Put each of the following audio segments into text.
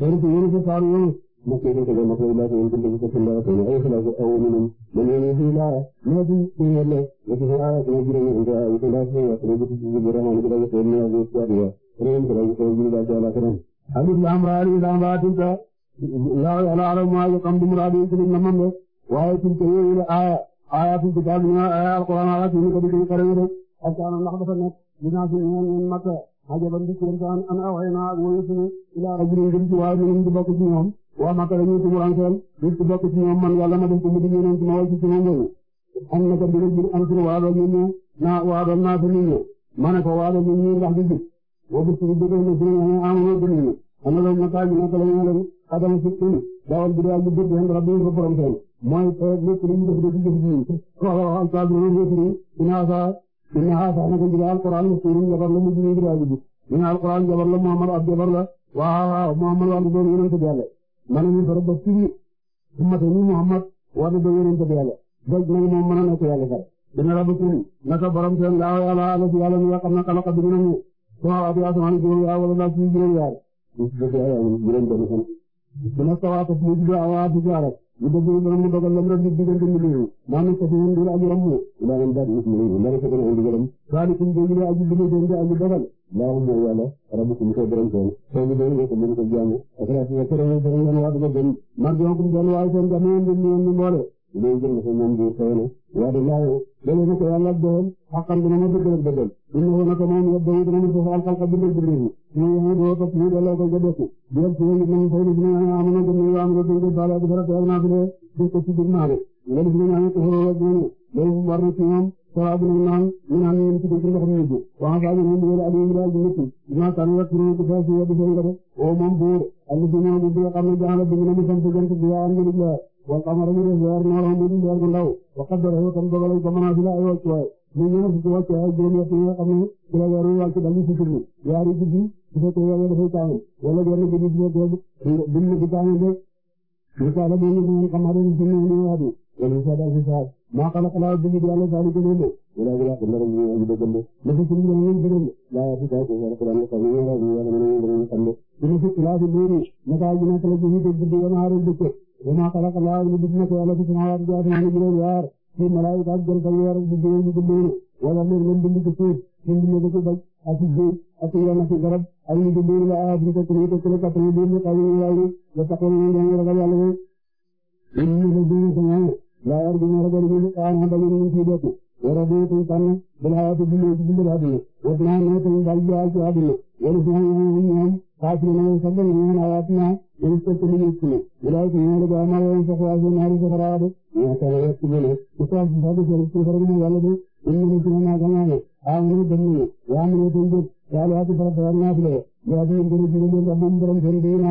loolu ci yéen a ko saaru yooyu mos ngeen ko déggee mos ngeen laajte yéen a ko saaru yooyu ay xalaat yu aw mi nañ ma ñëw ñu fi laaya mais du ñu ne la nga ci laaya ci biir ñu nga yu ko laaj ñu wax ñu ci ci biir ramon bi dafa ñu ñu ci waat ya ñu ko dafa ñu ñu daal ci ala kanam hadith la amraani la amraatin ta la ala ala ma yu kam dum raadi ci na mam waaye ci ko yooyu la aya aya fi kitab ni aya alquran ala ci ko di ko xare rek ak ana ndax dafa nekk dina ci ñeen makka ajaban bi kéemtaan an awhaynaa ak wayu suñu ilaa rajulin ngir ci waaye mu di bokk ci ñoom waa Makka dañuy tumurankeel di ci bokk ci ñoom man yàlla ma def ko mu di ñeneen ci ma way ci suma ngëwu am na ko dina jur am suñu waadoo ñu ñu naa waadoo naa fi ñu ma di jub wa bi dëgg na suñu ñu amoon gën ñu ana la ma taaj na ko la ñu leen xadam ci suñu dawal bi daal di dëgg hen rabbi ko borom seen mooy lépp lu ñu di jëf ji ko innaha sax na ko njëga alquran masirin jabar la mujj ngir aji bi inna alquran jabar la muhammad ab jabar la waaw muhammad war na doon yonente bi yàlla ma ne ñu fara ba ci ummata ni muhammad war na doon yonente bi yàlla doj nag moom mën a nekk yàlla far dina rabbukum naka borom seen laaw yàlla ala si yàlla mi nga xam ne xalaqa bi ngeen ñu sama abi asmaan juróom yaar wala laa ci juróom yaar dina sawaata fi mu juróom awaati jaarek ñu déglu ñoom ñu dogal lam rek ñu diggante ñu néew maanaam sax ñun dina aju ramu ila man daal nit ñu la ko gëna andi gëram saalikum do ñu aju limu do ñu aju dogal la mu yàlla rabbukum ko borom seen so ñu do ko mu ko jaamu ak la ci ko rew borom ñu wa do dem mar do ko do wa seen jamu ñu ñu mboole ñu gën ko moom do seen wa de waaye loolu nag yàlla doon xaqan dina ma dëggal dëggal dina woon ak moom yëpp dañu dina ma foofu alxalqa bindal bindal yi ñu ñu do ko ñu delloo ko ga dëkk di ak ñu ñu fay dina am na gëm ñu am na gëm dala bi dara ak na fi de ko ci dum naare loolu dina ñu ko woo ak ñu loolu war na ci naan ñu naan ñu ci dëgg ndox ñu bu wax fa ñu ñu ala ñu dal ñu ci ma tan wax ñu ko fa ci bi ñu wal qamara min leer noora mu di leer gu ndaw wa qaddarahu tam dogale ko manaazila ay wàccuwaay mu ñëw fukki wàccuwaay juróom yett yi nga xam ne ci la weer wi wàcc dal ci sukkur bi yaari guddi bu fekkee weer wi dafay tàng wala genn guddi bu fekkee bu mu di tàng de misaala bi ñu xamare ni sunu ni waadi wala sa dal ci saa ma xala xala bu di yàlla daal di gënal wala wala ko ndara ñu ñu dëggal ne ko sunu ñu gënal la ya fi taay ko wala ko dañ ko ñu wala ñu wala ñu ñu xam ne dina fi xalaatu ni naka ñu naka la ñu dëgg di yamaru dëkk وما خلق الله الجن ولا السماوات والأرض إلا بالحق وما من دابة إلا رزقه الله أتينا في غرب أن يدبر الأمر كله كله تقدير قوي وتقول له رجل الله إن الذين كفروا لا يرجون ربهم كان هذا من فيدته ورضيت كان بالحياة الدنيا بالحياة وكان من ذلك أجل ولسنا فاعلنا فضلنا واتنا من كل يسمع ولا تنال جاما وانفقوا في نار سفراد ويتوكلون وكان هذا الشيء فرمنا ولد إن كنا جمعنا آمنوا بالله وآمنوا بالله قال هذا فرضنا فيه وهذا من دون دون ربهم برم جندينا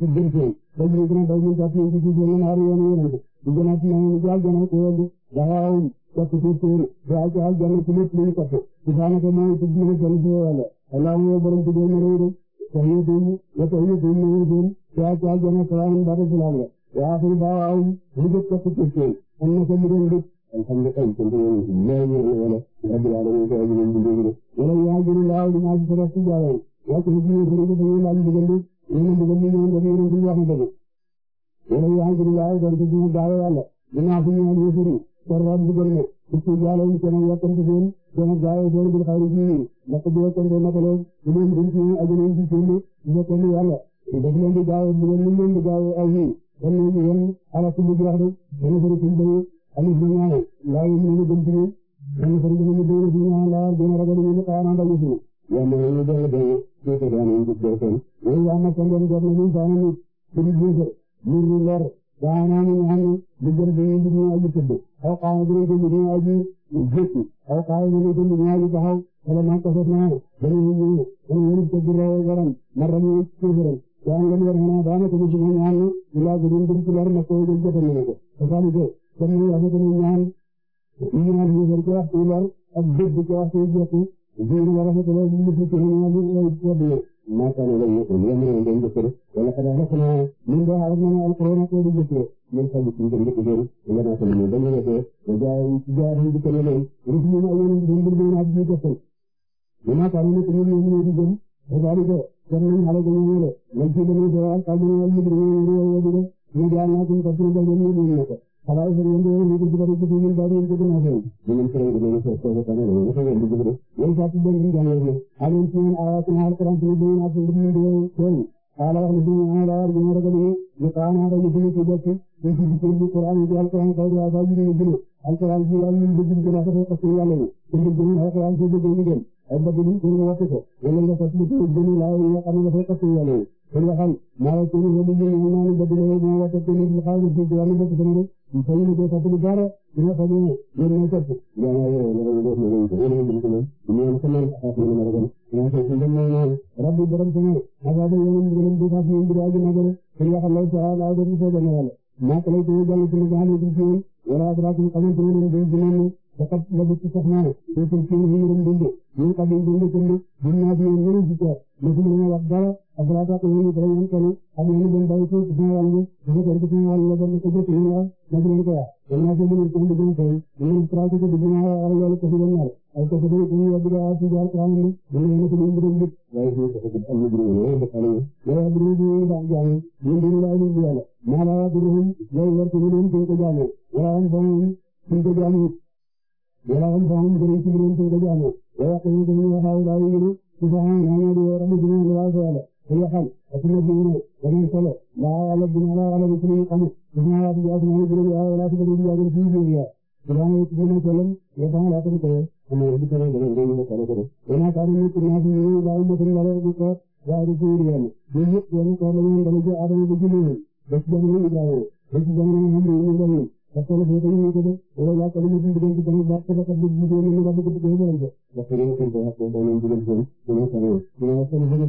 سبحانه بجنا بجنا جاتنا في جنا نار يومنا جنا جنا جال جنا كيل جاهم كتبتين جال جال جنا كل كل كتب سبحانك ما تجنا جل جلاله اللهم يبارك في ديننا تهيدون وتهيدون يهودون فأتى جنة سواهم بعد الأولى وآخر دعواهم هدت تكتشفين أن سمرين بك الحمد لله كنت لا يعلمون رب العالمين تأجلون بالجنة ولن يعجل الله لما أجسر السجارين وتهدون خرج سبيل عن بجنة ومن بجنة من كبير في واحد ولن يعجل الله ذلك الدعوة على بما فيه أن يسرون sarwaan bu gën a nekk di ci jaale yi seen yàkkante seen seen gaaw seen bil xayri ci ñun ndax bu yàkkante matale bu leen dem ci ajana yi ci seen yàkkante yàlla daf leen di gaaw bu leen leen di gaaw aw yi kon ñu ngi yéen ala ci biir wax de dana fari ci bëri amit bi ñaan laa yi ñu gëm ci dana fari ci ñu bëri bi ñaan laa dina ragal ñu xaar na dañu ci yàlla ñu dëng dëng ci ko dana ñu dëgg seen ñu ya ma seen dem na ñu faana ñu ci ñu leer daana ñu ñu lu gën bi ñu ñu ay tuddu aw xaaral bi nga jënd ñëwaat ji gëstu aw xaaral bi nga jënd ñëwaat ji taxaw wala maa ko jot naa la dana ñëw ñëw dana ñëw ca biir yaram nar la ñëw ci biiram te am ngeen yor naa daanaka ñu jënd ñaan la ñu laaj ñu dem ci lor na ko jël jot na ko te saa ni jël comme ñu wax ñu ñaan ñu ñaan ñu jël ci waxtu lor ak dëgg ci waxtu jot jiw ñu war a fekk loolu ñu ci ci ñu ñu ñu ci bi ma ka ne la ñu ko ñu ñu ñu ko wala ka da na ñu do xaaral na alquran ko di jëfee ñoom xam nga suñu jëm lépp loolu la naa ko mën a demee ba jaay jaay nañ di ko ne leen rek ñu naa yéen ñu ngi leen a ji defal ñu naa ko ñu ko ñu ñu di gëm dafa di ko dem nañ xale ko ñu le lañ ci demee do ak ak ñu ñu di ñu ñu di ñu jaay naa ko ko suñu jëm ñu ñu ko xala ay ñu ñu ñu di ko ko ñu ba ñu ko na ko ñu ñu ko ñu ko ko ko ñu ko ñu ko ñu sa ci dem ñu jàng ñu alim ci ñu ayatu alquran ñu ñu na ko ñu ñu ko ala wax ni ñu ala ñu ko ñu ko ñu ko ñu ko te ci biir biir Qur'an bi alquran kay la fa ñu gënu alquran ci yalla ñu bëgg gëna ko ko ci yalla yi ci bëgg ñu alquran ci bëgg ñu gën ay bëgg ñu ñu wax ko wala nga sax ci gënu la yi nga xam nga ko ci yalla yi ko nga xam ma la ci ñu ñu ñu ñu bëgg ñu ñu wax ko ñu xaar ci gënu bëgg gënu ñu fay ñu def ci dara ñu fa ñu ñu ñu ko ci ya ya ya ñu def ñu ñu ñu ñu ñu ko ñu xaar ñu ñu gënu ñu ko ñu ñu rabbi borom ci ñu aga ñu ñu gënu bi fa ñu bi agi na gënu ko nga xam la ci ala gënu so gënu yalla maa ko lay doon jàll ci li nga xamante ni si yéen wala ak rajo yi xamante ne leen doon dinañ ne dafa la bëgg ci soxna la te seen kii ñu a dundee ñun kat lañ doon dundee bu ñu naan ñoom ñoo ñu gisee mais bu ñu leen wax dara ak rajo ak ñoom ñu doon ay ko ko ko ya bi ya ci ja ko ngi ni ni ko ngi ngi way ko ko ko am ngi ni ko ko ya bi ni ba ja ni ni la ni ya la ma la bi ni ya ya ko ni ko ko ja ni ya an ba ni ni ko ja ni ya la an ba ni ni ko ni ko ja ni ya ko ni ni ha la ni ni ko ja ni ni ni ra ni ni la so la ya hal ko ni ni ni ko ni so la la la bi ni la la ni ko ni ko ni ya ya ni ni ya la ni ni ya ni ni ya ഖുർആനിൽ ഇതിനെല്ലാം യഥാർത്ഥത്തിൽ നമ്മൾ എടുക്കുന്നതിന്റെ എന്തെങ്കിലും കരുതുന്നു എല്ലാ കാര്യങ്ങളും ഖുർആനിൽ ഉണ്ടാകുന്നതിൽ വളരെ വാരിസൂരിയാണ് ദൈവത്തിന് കാരണവും നമുക്ക് ആരോഗ്യത്തിനും ദക്ഷിണവും ഉണ്ടാവും ദക്ഷിണവും ഉണ്ടാവും സകല ഭൂതങ്ങളും എല്ലാ കളിലും ഇതിന്റെ വാർത്തകളൊക്കെ നമുക്ക് നമുക്ക് തോന്നുന്നുണ്ട് ദക്ഷിണത്തിൽ പോകാൻ പോകുന്നതിനും ഇതിനും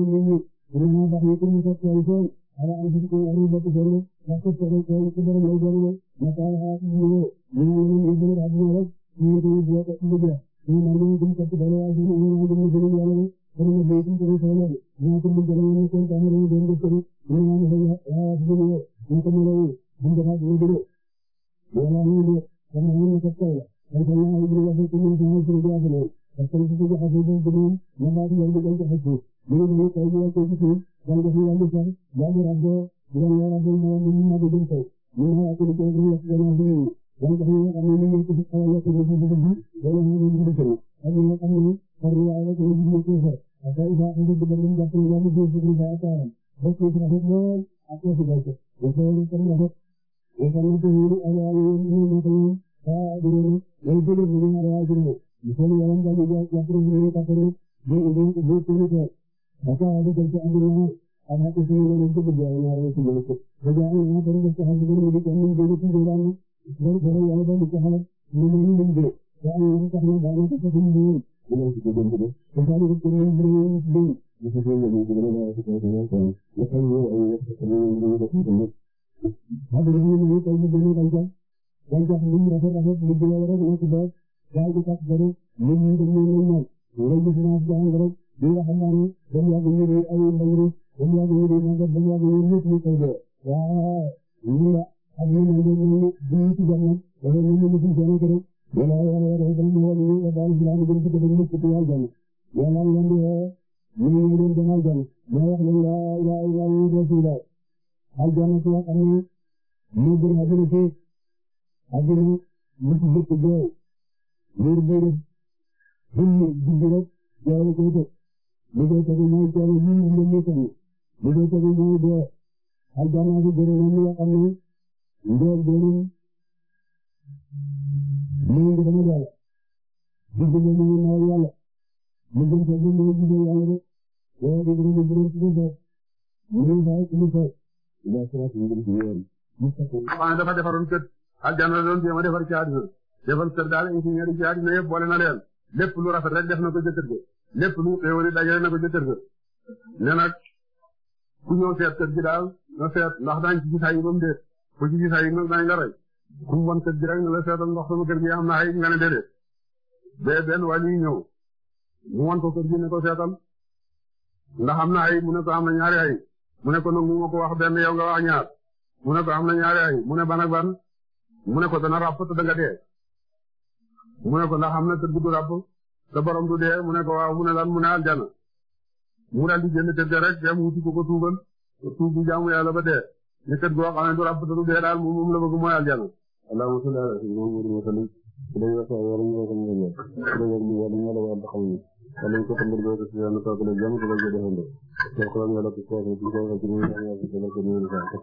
ñu ñu ngi leen di demal jëm mooy wax ne laa ilaaha illallaah rasuula aljana si wax am na mu gën a gën a fi aljana lu ci jëkk jooy liir bu def julli julli rek jooy koy tëj lu koy tëj mooy jooy yi ñu ngi tëj lu koy tëj mooy dee aljana si gën a ñu wax am na ndóol benn mu ngi dama yàlla julli mu ngi naw yàlla mu gën ko gën a julli yàlla rek yéen a ngi leen di leen tuddee ñun daal ñu ngi koy yaa si waat ñu ngi leen di leen ñu ko ko. waaw dafa defaroon kër aljanna la doon jéem a defar ci àddina defal kër daal ingénieur yi ci àddina yëpp boole na leen lépp lu rafet rek def na ko jëkkër ga lépp lu xéewali dajale na ko jëkkër ga ne nag ku ñëw seet kër gi daal na seet ndax daañu ci gis ay yibam déet ku ci gis ay yibam daañu la rey ku mu wan kër gi rek na la seetal ndox sama kër gi am na ay nga ne déedéet bee benn wàll yi ñëw mu wan ko kër gi ne ko seetal ndax am na ay mu ne am na ñaari ay mu nekko ko nag wax benn yow nga wax ñaar mu ne ko am na ñaari ay mu ne ban ban mu ne ko na ràpp te danga dee mu ne ko ndax am na te du ràpp te borom du dee mu ne ko mu ne lan mu ne aljana mu daal di génn kër ga rek dem wuti ko ko tuubal tuub bi jaamu yàlla ba dee ni kër goo xam ne du ràpp te du dee daal moom moom la bëgg mooy aljana allahumma salli ala sayyidina muhammadin wa sallim danañ ko tëmbal ko si yoonu toog la jëm ko ko defande ko ko ñu la ko ko ci ko ci ñu la ko la ko ñu la ko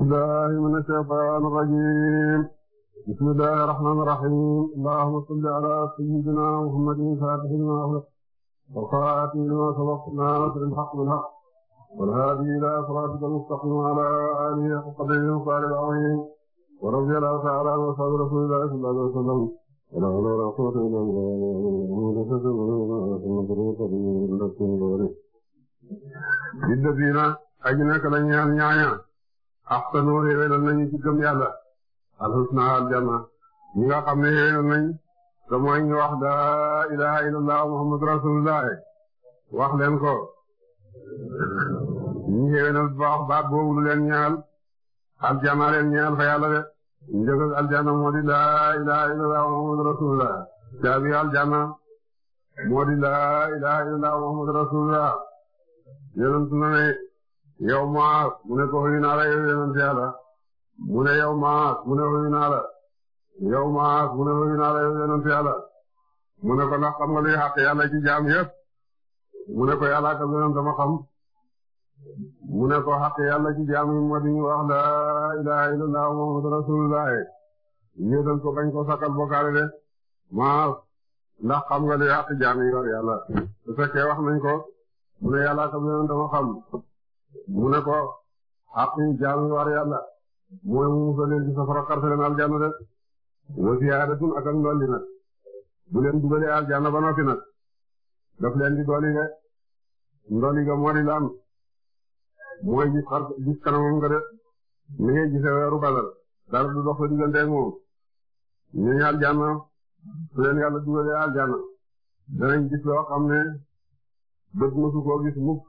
الله من الشيطان الرجيم بسم الله الرحمن الرحيم اللهم صل على سيدنا محمد فاتح لما أغلق وخاتم لما سبق ناصر الحق بالحق والهادي إلى صراطك المستقيم وعلى آله وقدره وقال العظيم ورضي الله تعالى عن أصحاب رسول الله صلى الله عليه وسلم lilladiina aji nekk la ñaan ñaaña axsanu xéewénal nañu ci gëm yàlla alxusna aljanna ñi nga xam ne xéewénal nañ te mooy ñu wax laa ilaaha illallah muhammadu rasulullah wax leen ko ñi xéewénal baax baat boobu lu leen ñaal aljanna leen ñaal fa yàlla de njëgal aljanna moo di laa ilaha illallah muhammadu rasulullah caabi aljanna moo di laa ilaha illallah muhammadu rasulullah yonent na ne yow maas mu ne ko xuy naa la yow yonent yàlla mu ne yow maas mu ne xuy naa la yow maas mu ne xuy naa la yow yonent yàlla mu ne ko ndax xam nga luy xaq yàlla ci jaam yëpp mu ne ko yàlla ak yonent ma xam mu ne ko xaq yàlla ci jaam yi moo di ñu wax laa ilaaha illallah muhammadu rasulullah ñéetal ko bañ ko sakkal bokkaale de maa ndax xam nga li xaq jaam yi war yàlla su fekkee wax nañ ko mu ne yàlla kam yoon dama xam mu ne ko xaq jaam yi war yàlla mooy mu musal leen ci safara xarfe leen aljanna de wa ziyaadatun ak ak ndolli nag bu leen dugalee aljanna ba noppi nag daf leen di dolli de ndolli ga moo lan mooy gis xar gis kanamam nga de ni ngay gisee weeru badar dara dox sa diggante ak moom ñu ngi aljanna su leen yàlla dugalee aljanna danañ gis loo xam ne bët mësu gis mukk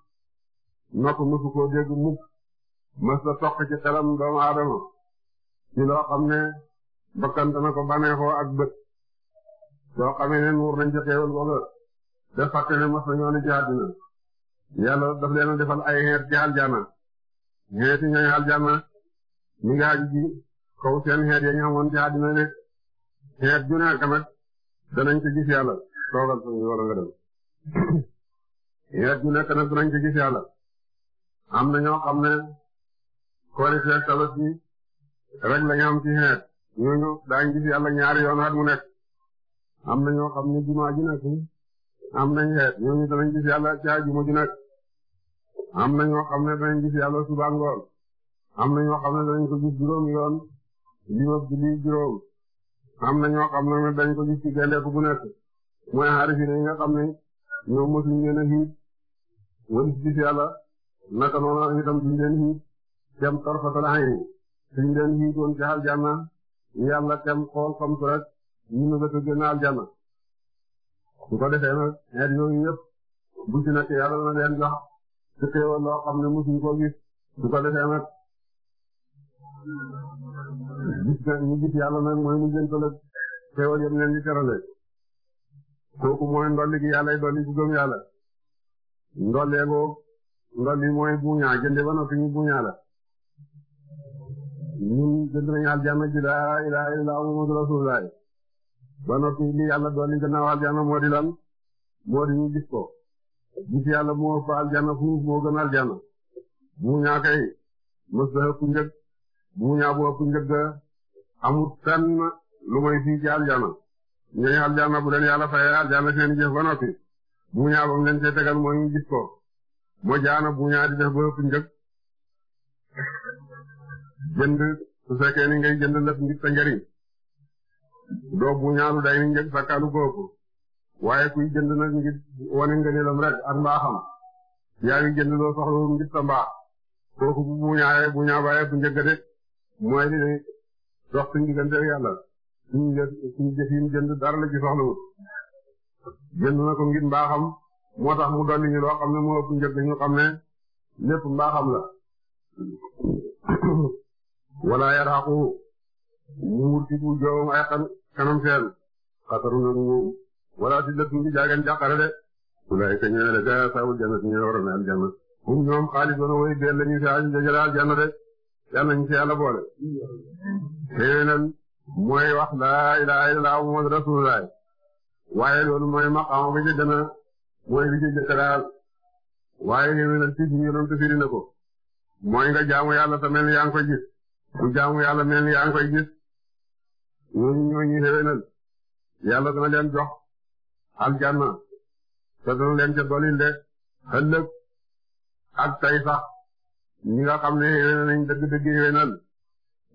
nopp mësu dégg mukk mës la toq ci xelam doomu aadama ci loo xam ne bakkan dana ko baneexoo ak bët soo xamee ne nuur nañ ci xéewal googa de fàtte ne mës la ñoo ne ci yàlla daf leen defal ay xeet ci aljanna xeeti ñooy aljanna mi ngi aju ci kaw seen xeet ya ñu amoon ci àddina rek xeet ju nekk nag danañ ko gis yàlla toogal nekk nag danañ gis yàlla am na ñoo xam ne koori feeg tabaski rek la ñu am ci xeet ñooñu daañu gis yàlla ñaari yoon at mu nekk am na ñoo xam ne jumaa ji nekk am nañ xeet ñooñu danañ gis yàlla caa juma ji nekk am na ñoo xam ne danañ gis yàlla suba ngoon na ñoo xam ne danañ ko gis yoon li wëf di juróom am na ñoo xam ne dañ ko gis ci gendeeku mooy xaarifi na nga xam ne ñoom mosuñ leen a xiit wëlis gis yàlla naka noonu itam duñ leen xiit kem torfatal ayni suñ leen xiit woon ci aljanna yàlla kem xool comme su rek ñu nga bëgg a génn aljanna su ko defee nag yooyu yëpp bu ci nekk yàlla dana leen jox te teewal loo xam ne mosuñ koo ko gis nga ñu gis yàlla mooy mu jëntal ak teewal yam leen di terale kooku mooy ndolli gi yàlla dolli ci gëm yàlla ndollee ko ndolli mooy buñaa jënde ba noppi ñu buñaa la ñun jënd nañu aljanna ji laa ilaaha illallaa muhammadu rasuulullaah ba noppi li yàlla dolli gannaaw aljanna moo di lan moo di gis ko gis yàlla moo ëpp aljanna fuuf moo gën aljanna muuñaa kay mës a njëg muuñaa bu ëpp njëg amul fenn lu may ci aljanna ñooy aljanna bu leen yàlla fayee aljanna seen jëf ba noppi muuñaa ba mu leen cee tegal moo ñu gis ko moo jaana muuñaa di def njëg jënd su ngay jënd lëf ngir sa njariñ doo muuñaa day ni njëg sakka ko ëpp waaye kuy jënd nag ngir wane ngëneelam rek ak mbaaxam yaa ngi jënd loo soxla ngir sa kooku bu buñaayee buñaa bàyyee bu njëkk de yàlla suñu jë suñu mu jënd dara la soxlawut jënd na ko ngir mbaaxam moo tax mu dolli ñu loo xam ne moo ëpp njëkk ñu xam ne lépp mbaaxam la wala yaraqu mu murti bu joowam ay xan seen xataru nag mu wala si lëkk bi jaagan jàqare de walaay ka ñëwee la gaa saawul janna si ñëwee waroon aljanna hum ñoom xaalis doona woy deel lañu de yàlla ñu ci yàlla boole xëy na mooy wax laa ilaaha illallaah muhammad rasuulullaah waaye loolu mooy maqaama bi ci a mooy bi ci jëkk daal waaye xëy na ci ñu yonent firi na ko mooy yàlla te mel yàlla mel ni yaa ngi leen jox aljanna te dana leen ca ak tay sax ñi nga xam ne yéwén dëgg-dëgg yéwénal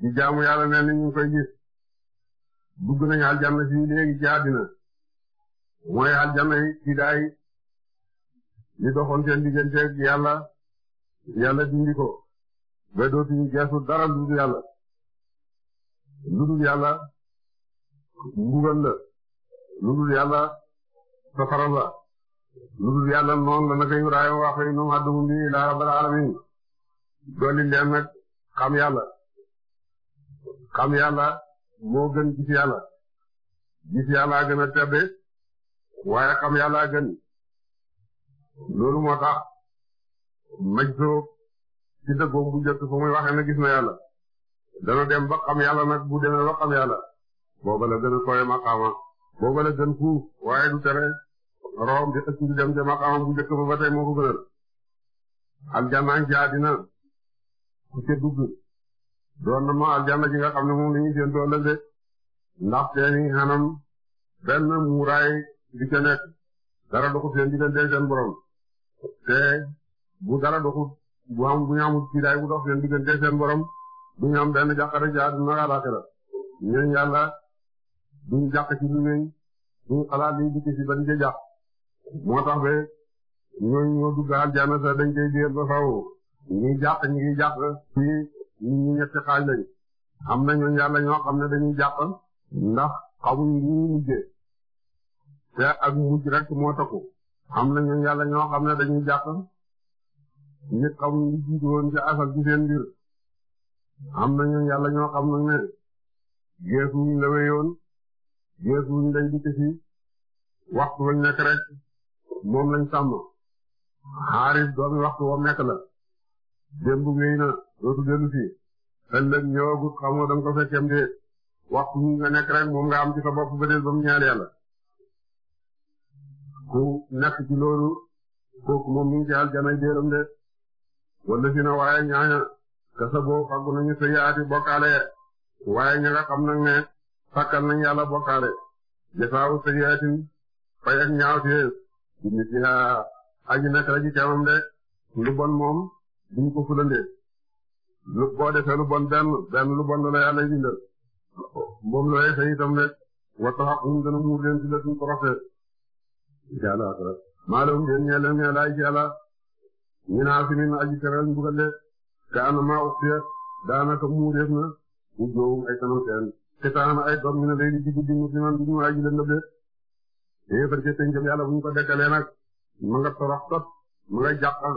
di jaamu yàlla mel ni ñu ngi koy gis dugg nañ aljanna fii léegi ci àddina mooy aljanna yi ci daay li doxoon seen diggante yàlla yàlla dindi ko ba dootuñu geesu dara lu dul yàlla lu dul yàlla mbugal safaral la lu dul yàlla noonu la naka Ibrahima waxee ñoom àdduma bi ila rabbil alamin dolli leen nag xam yàlla xam yàlla moo gën gis yàlla gis yàlla gën a tedde waaye xam yàlla gën loolu moo tax maj soo ci dëggoom jot fa muy waxee na gis na yàlla dana dem ba xam yàlla nag bu demee ba xam yàlla booba la gën a koy maqaama booba la gën fuuf waaye du tere room bi xëcc dem ca maqaama bu njëkk ba ba tey moo ko gënal aljanna ak jaadina ku ca ji nga xam ne moom la ñuy seen doole de ndax seeni xanam benn muuraay di ca nekk dara doxul seen diggante seen borom te bu dara doxul bu am bu ñu amul kiidaay bu dox seen diggante seen borom du ñu am benn jàqare ci àdduna ak àllaaxira ñun yàlla duñ jàq ci lu ñuy duñ xalaat liñ dikk moo tax ba ñoo dugg aljana sax dañ koy géer ba faaw ñuy jàpp ñu ngi jàpp ci nit ñi ñetti xaaj lañ am na ñooñu yàlla ñoo xam ne dañuy jàpp ndax xamuñ li mujj rek moo takku am na ñooñu yàlla ñoo xam ne dañuy jàpp nit xamuñ li jiitu woon ci asal ci seen mbir am na ñooñu yàlla ñoo xam nag ne geesuñ la wéyoon geesuñ lay dikk ci waxtu wañ nekk rek. moom lañ sàmm xaaris doomi waxtu wam nekk la démb wéy na dootu dellu si ëllëg ñëwagut xam nga danga ko fekkem de waxtu mu nga nekk rek moom nga am ci sa bopp ba dee ba mu ñaar yàlla ku nekk ci loolu kooku moom mi ngi ci aljanay déeram de wala si na waaye ñaaña kasa boo faggu nañu sa yaati bokkaale waaye ña nga xam nag ne sakkal nañ yàlla bokkaale jafaawu sa yaatin fay ak ñaaw tees nit ñi aji nekk la ci kanam de lu bon moom duñ ko fulandee lu bon benn benn lu bon la yàlla bindal moom la lay fay itam de waxtu wax mu gën a muur leen si la suñ ko rafet. incha allah maa ngi doon ñeel ñeel ñeel ay ci yàlla ñu naan fi mu ne aji teral mbugal de kaana maa uqtiya daanaka muureef na ñu joowu ay kanam seen te taana ay doom ñu ne léegi digg digg ñu fi naan digg ñu aji leen de. yéefar ca tënkam yàlla bu ñu ko dekkalee nag mu nga torox tot mu nga jàqal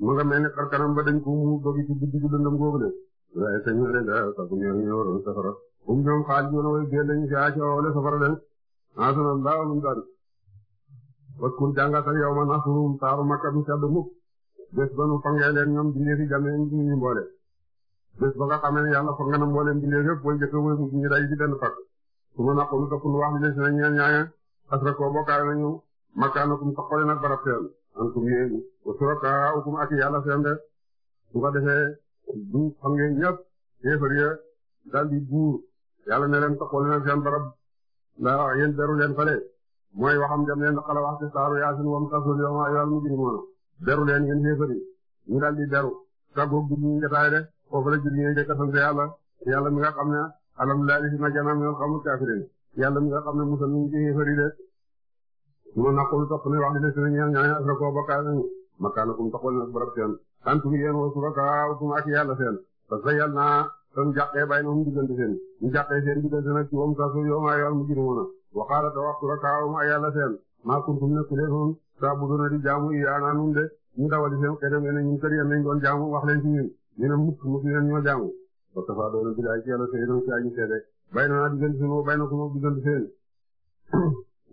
mu nga mel ni ba dañ ko mu dogi ci guddi gi dundam googu de waaye sañu leen da sax ñoo ñoo waroon safara um ñoom xaal yoon way gén lañu fiaa ci woowale safara leen asanam laa walum daan watkun jàngatal yow ma nasrum taaru makka mu sedd mukk bés nu fangee leen ñoom bindeefi ba nga xamee ne yàlla fa nga na mbooleem bindeef yëpp way jëkk way mujj ñi day ci benn fakk su asrakoo bokkaale nañu makaanakum soqale nag barab seen antum yéen wa surakaakum ak yàlla seen de su ko defee du xam ngeen ñëpp kéefar ya daal buur yàlla ne leen soqale nag seen barab la yéen beru leen fale mooy waxam jam leen xala wax ci saaru yaasin wam tasul yawma ayyuhal mujrimuna beru leen yéen kéefar yi ñu daal di beru tàggoog du ñu jotaay de foofu la jur ñi jëkk sant yàlla yàlla mi nga xam ne alam laa li si na janam minal qawmil yàlla mi nga xam ne musal ñu ci yéefari de ñu naqul topp ne wax dëgg suñu ñaan ñaan asrakoo bokkaale nañu makaanakum taxul nag barab seen antum yéen wa surakaakum ak yàlla seen parce que yàlla naa tam jàqee bàyyi na mu diggante seen ñu jàqee seen diggante nag ci wam sasu yow maa yoon mu jërimoon a waxaala te wax surakaawum ak yàlla seen maa kuntum nekk leen noonu saa bu doon di jaamu iyaanaa nun de ñu dawali seen xëy na ngeen ne ñun kër yéen lañ doon jaamu wax leen ci ñun ñu ne mukk mukk yéen ñoo jaamu ba kafa doona bilaay ci yàlla seydon ci aji seede bay na naa diggante seen woo bay na ko moom diggante seen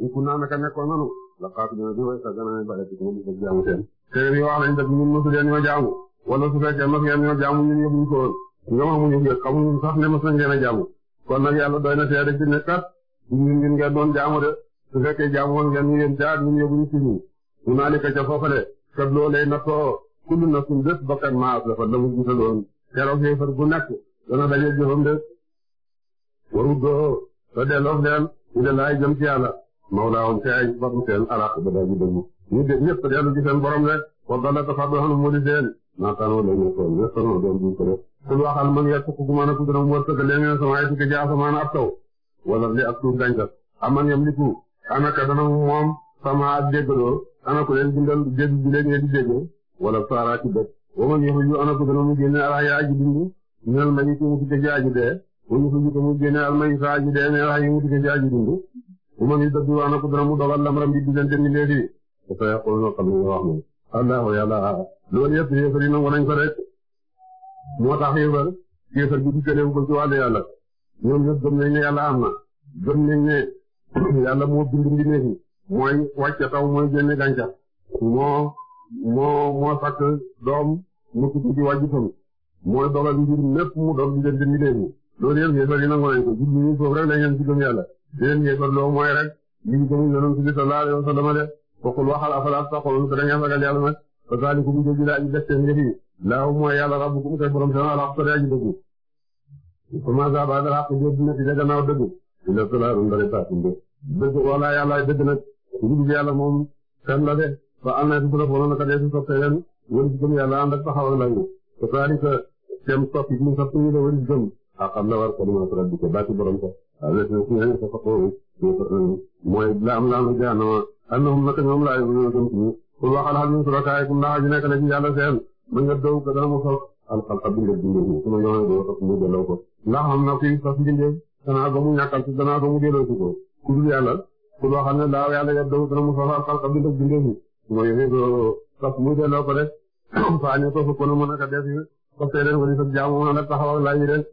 ukku naa naka nekkoon nanu la xaatu dina di way sagganaa bale ci moom sa jaamu seen téere bi wax wala su fekkee mos ngeen ñoo jaamu ñun yëguñ ko ma muñu yëg xamuñu sax ne mos na ngeen a jaamu kon yàlla doy na seede ci ne kat ñun ngeen ngeen doon de su fekkee jaamu woon ngeen ñu yéen jaar ñun yëguñ ci ñu mu naa li ka ca foofa de na ko kullu na suñ bés maas dafa la mu gisaloon keroog yéefar bu nekk dana daje jëfam de wa te delloo leen ila laay jëm ci yàlla mawlaahum te ay fatu seen alaaka ba dañu dëgg ñu def ñëpp dellu ci seen borom le wa dalla ta faddoxanu mu di seen naataanoo lañu tool ñëpp sanoo doon buñ ko def kul waxal man yekk ku mën a ku dana wërsëg leen ngeen sama ay tukki jaa sama ab taw wala li ak suuf gàncax aman yam liku anaka dana moom sama ak déggaloo ana ku leen bindal dégg bi leen ngeen di déggoo wala saara ci bopp waman ku dana mu génne ala yaa ji bu ñu ko jiite mu génne almayisa aji dee ne waaye mu diggante aji dund bu ni dëgg wax na ko dara mu dogal lamram bi diggante mi léegi te sa yàqul na xam nga wax moom allahu yàlla loolu yëpp yéefar yi nangu nañ ko rek moo tax yéefar yéefar bi diggante bu ko ci wàllu yàlla ñoom ñëpp gëm nañ ne yàlla am na gëm nañ ne yàlla moo bind mbindeef mooy wàcce taw mooy génne gàncax moo moo moo sakk doom mu tudd ci wàjju fam mooy dogal mbir mépp mu doon diggante mbindeef loolu yëpp yëpp dina mën a ko jur gi ñun foofu rek la ngeen ci gëm yàlla di leen yëppal loo mooy rek ñu ngi gëm yonent bi sallallahu alayhi wa sallam de bokkul waxal afala taqulun te da ngeen ragal fa zalikum jëgi laa ji def seen yëf yi laaw mooy yàlla rabbukum te borom seen alaq te aji dëgg fama za ba'da alaq ngeen dina ci gannaaw dëgg ila salatun dari tatum de dëgg wala yàlla dëgg nag njub yàlla moom fen la de fa am na sufula foono naka dee su soppe leen wëri ci gëm yàlla ànd ak taxaw ak lañu te la wëri ci gëm xam la war ko a faral di ko bàcc borom ko les na siñañ sa euh, mooy la am laam la jaanama annahum naka ñoom laa yëngu gëm suñu pour waxal xam ñu surakaaykum ndax aji nekk la ci yàlla seen ma nga dow ko dana mu sol doo tax mu delloo ko ndax xam na fii fas bindéef danaa ba mu ñàkkal si danaa ba mu delloo ku dul waxal ne laaw yàlla nga dow dana mu sol alxalqa bindéef bindéef ñi su ma yëfee doo fas mu delloo ko rek faa ñu ko fukk na a ka def yi fas ko di sa jaamu na la taxaw ak laaj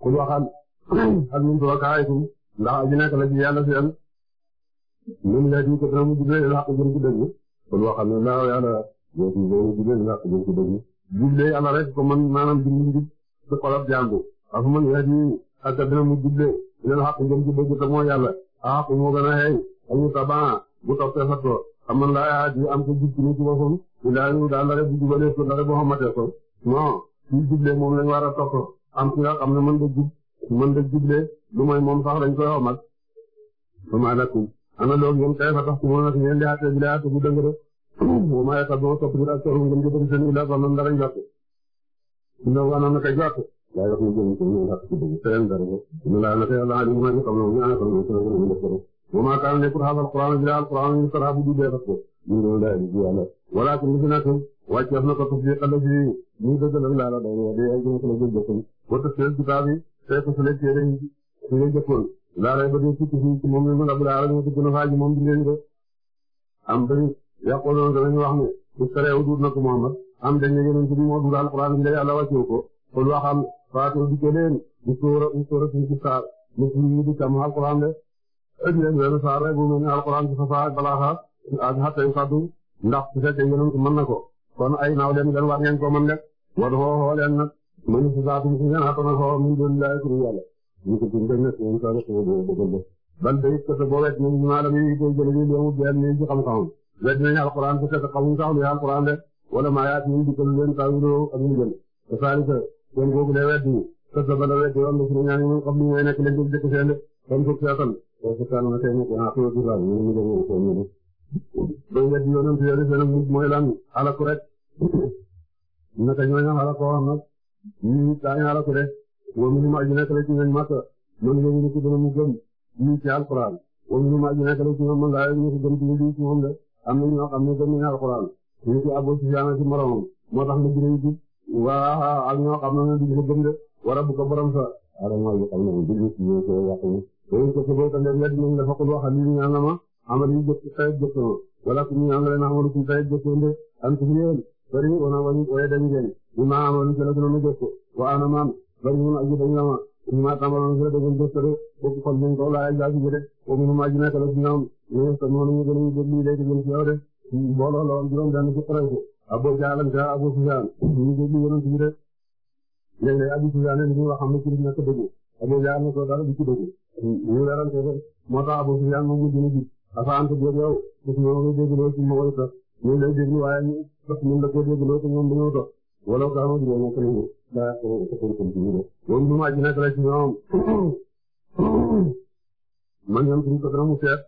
ku waxal ak ñun suba kaay fi ndax aji nekk la ci yàlla fi am ñun yaa ngi ko dana mu jublee la xaq jëm ci dëgg ku waxal ne naaw yàlla ñoo fi ñoo jublee la xaq jëm ci dëgg jublee yàlla rek ko man maanaam a ngi ci xolab jàmbu ak man yaa ngi ak dana mu jublee la xaq jëm ci dëgg te mooy yàlla a xaq moo gën a xëy añu tabaa bu toppee sa tool xam man laa yaa di am ko jub ci ni ci boppam ilaa ñu daal la rek bu jubalee ko la rek moom lañ war a topp am ki nga xam ne man da jub mën da juble lu mooy moom sax dañ koy xomal fama lakum ana loog yéen kay fa tax ku mën a ngeen di àtte bi laa tëgg dëng rek wa ma yatabon sopp ngir ak soxla ngeen jëtam seen ila ba man darañ jàpp na wana na ka jàpp yaa yor la na te la ali ma ko ñu wa ma kaan ne qur'an al-qur'an bi al-qur'an ñu sara bu dé ko ñu ñu la di yalla wala ko ñu na ko wàcc na ko tufi xalafi la la day day ay ñu ko la jëfal boo tëkkee kitaab yi tey ko fële téere yi nga jëkkoon laa rey ba dee ci tuuti ci moom la bu laara ñu a bi moo dugal alxuraan bi la yàlla wàccew ko kon ko leen di sóora di sóora suñu ci saar ñu ci ko mën ngeen ko mën rek wadu xoo xoo leen nag man istita'tum an tanfu'u min duuni llaahi ku dul yàlla. ñu ko tudd na seen tool seen dëgg la. ban day kese boo wet ñu maanaam ñu ngi koy jëlee léegi benn ñu ci xam-xamam. wet nañu alquran te kese xamuñu sax lu alquran de wala maa yaat ñu dikkal leen tawiloo ak ñu jël. te saa yu sa seen googu lay wet ñu kese ba la wet yoon la suñu ñaan ñu xam ni mooy nekk leen jëm jëkk seen de. kon foofu saa tam. te saa na seen ko naa xëy na ñu ngi leen ko ñu ngi. bay wet yoonam ci yàlla seen mooy lan alaku rek naka ñooñu alaku wax nag ñun daañu aar ko de wa minhum aji nekk la ci ñoom Makka man ñoom ñu a mu gëm ñu ci alquran wa minhum aji nekk la ci ñoom man laa ñu ci gëm ci ñu ci moom de am na ñoo xam ne gëm nañu alquran ñu ci Abu Sufyaan ci moromam moo tax ñu gën a yóbbu waa ak ñoo xam ne duñu ko gëm de wara bu ko borom sa adama yi xam ne duñu ci ñëw ko yàq ñu dañu wax li ñu ñaan ma amal yi na amalu ci tay jëf de antu yeen bari wona bima amanu ci la gënoon a gëstu wa ana man bari mun aji dañu ma bima tàmbaloon ci la dëgën gëstu de bokk kon ñu ko laay jaaji de ko mu ma jina kala ci ñoom ñu sa noonu ñu gënu jël li lay gën ci yow de mbooloo la woon juróom dañu ci xaray ko abo jaalam ja abo sufyan ñu gël li yoonu ci de léeg léeg abi sufyan ñu wax xam ne ci nekk dëgg abo jaalam ko dara ci dëgg ñu leeral ko moo tax abo sufyan mo ngi gënu ci afa ant bi yow ci ñu ngi dégg lo ci mo wala ñu lay dégg waaye ñu sax ñu la ko dégg lo ci ñoom dañu dox wala kaanu bi ñu ko la ko ko ko ko won dum ajina kala ci ñoom man ñam ci ko dama seet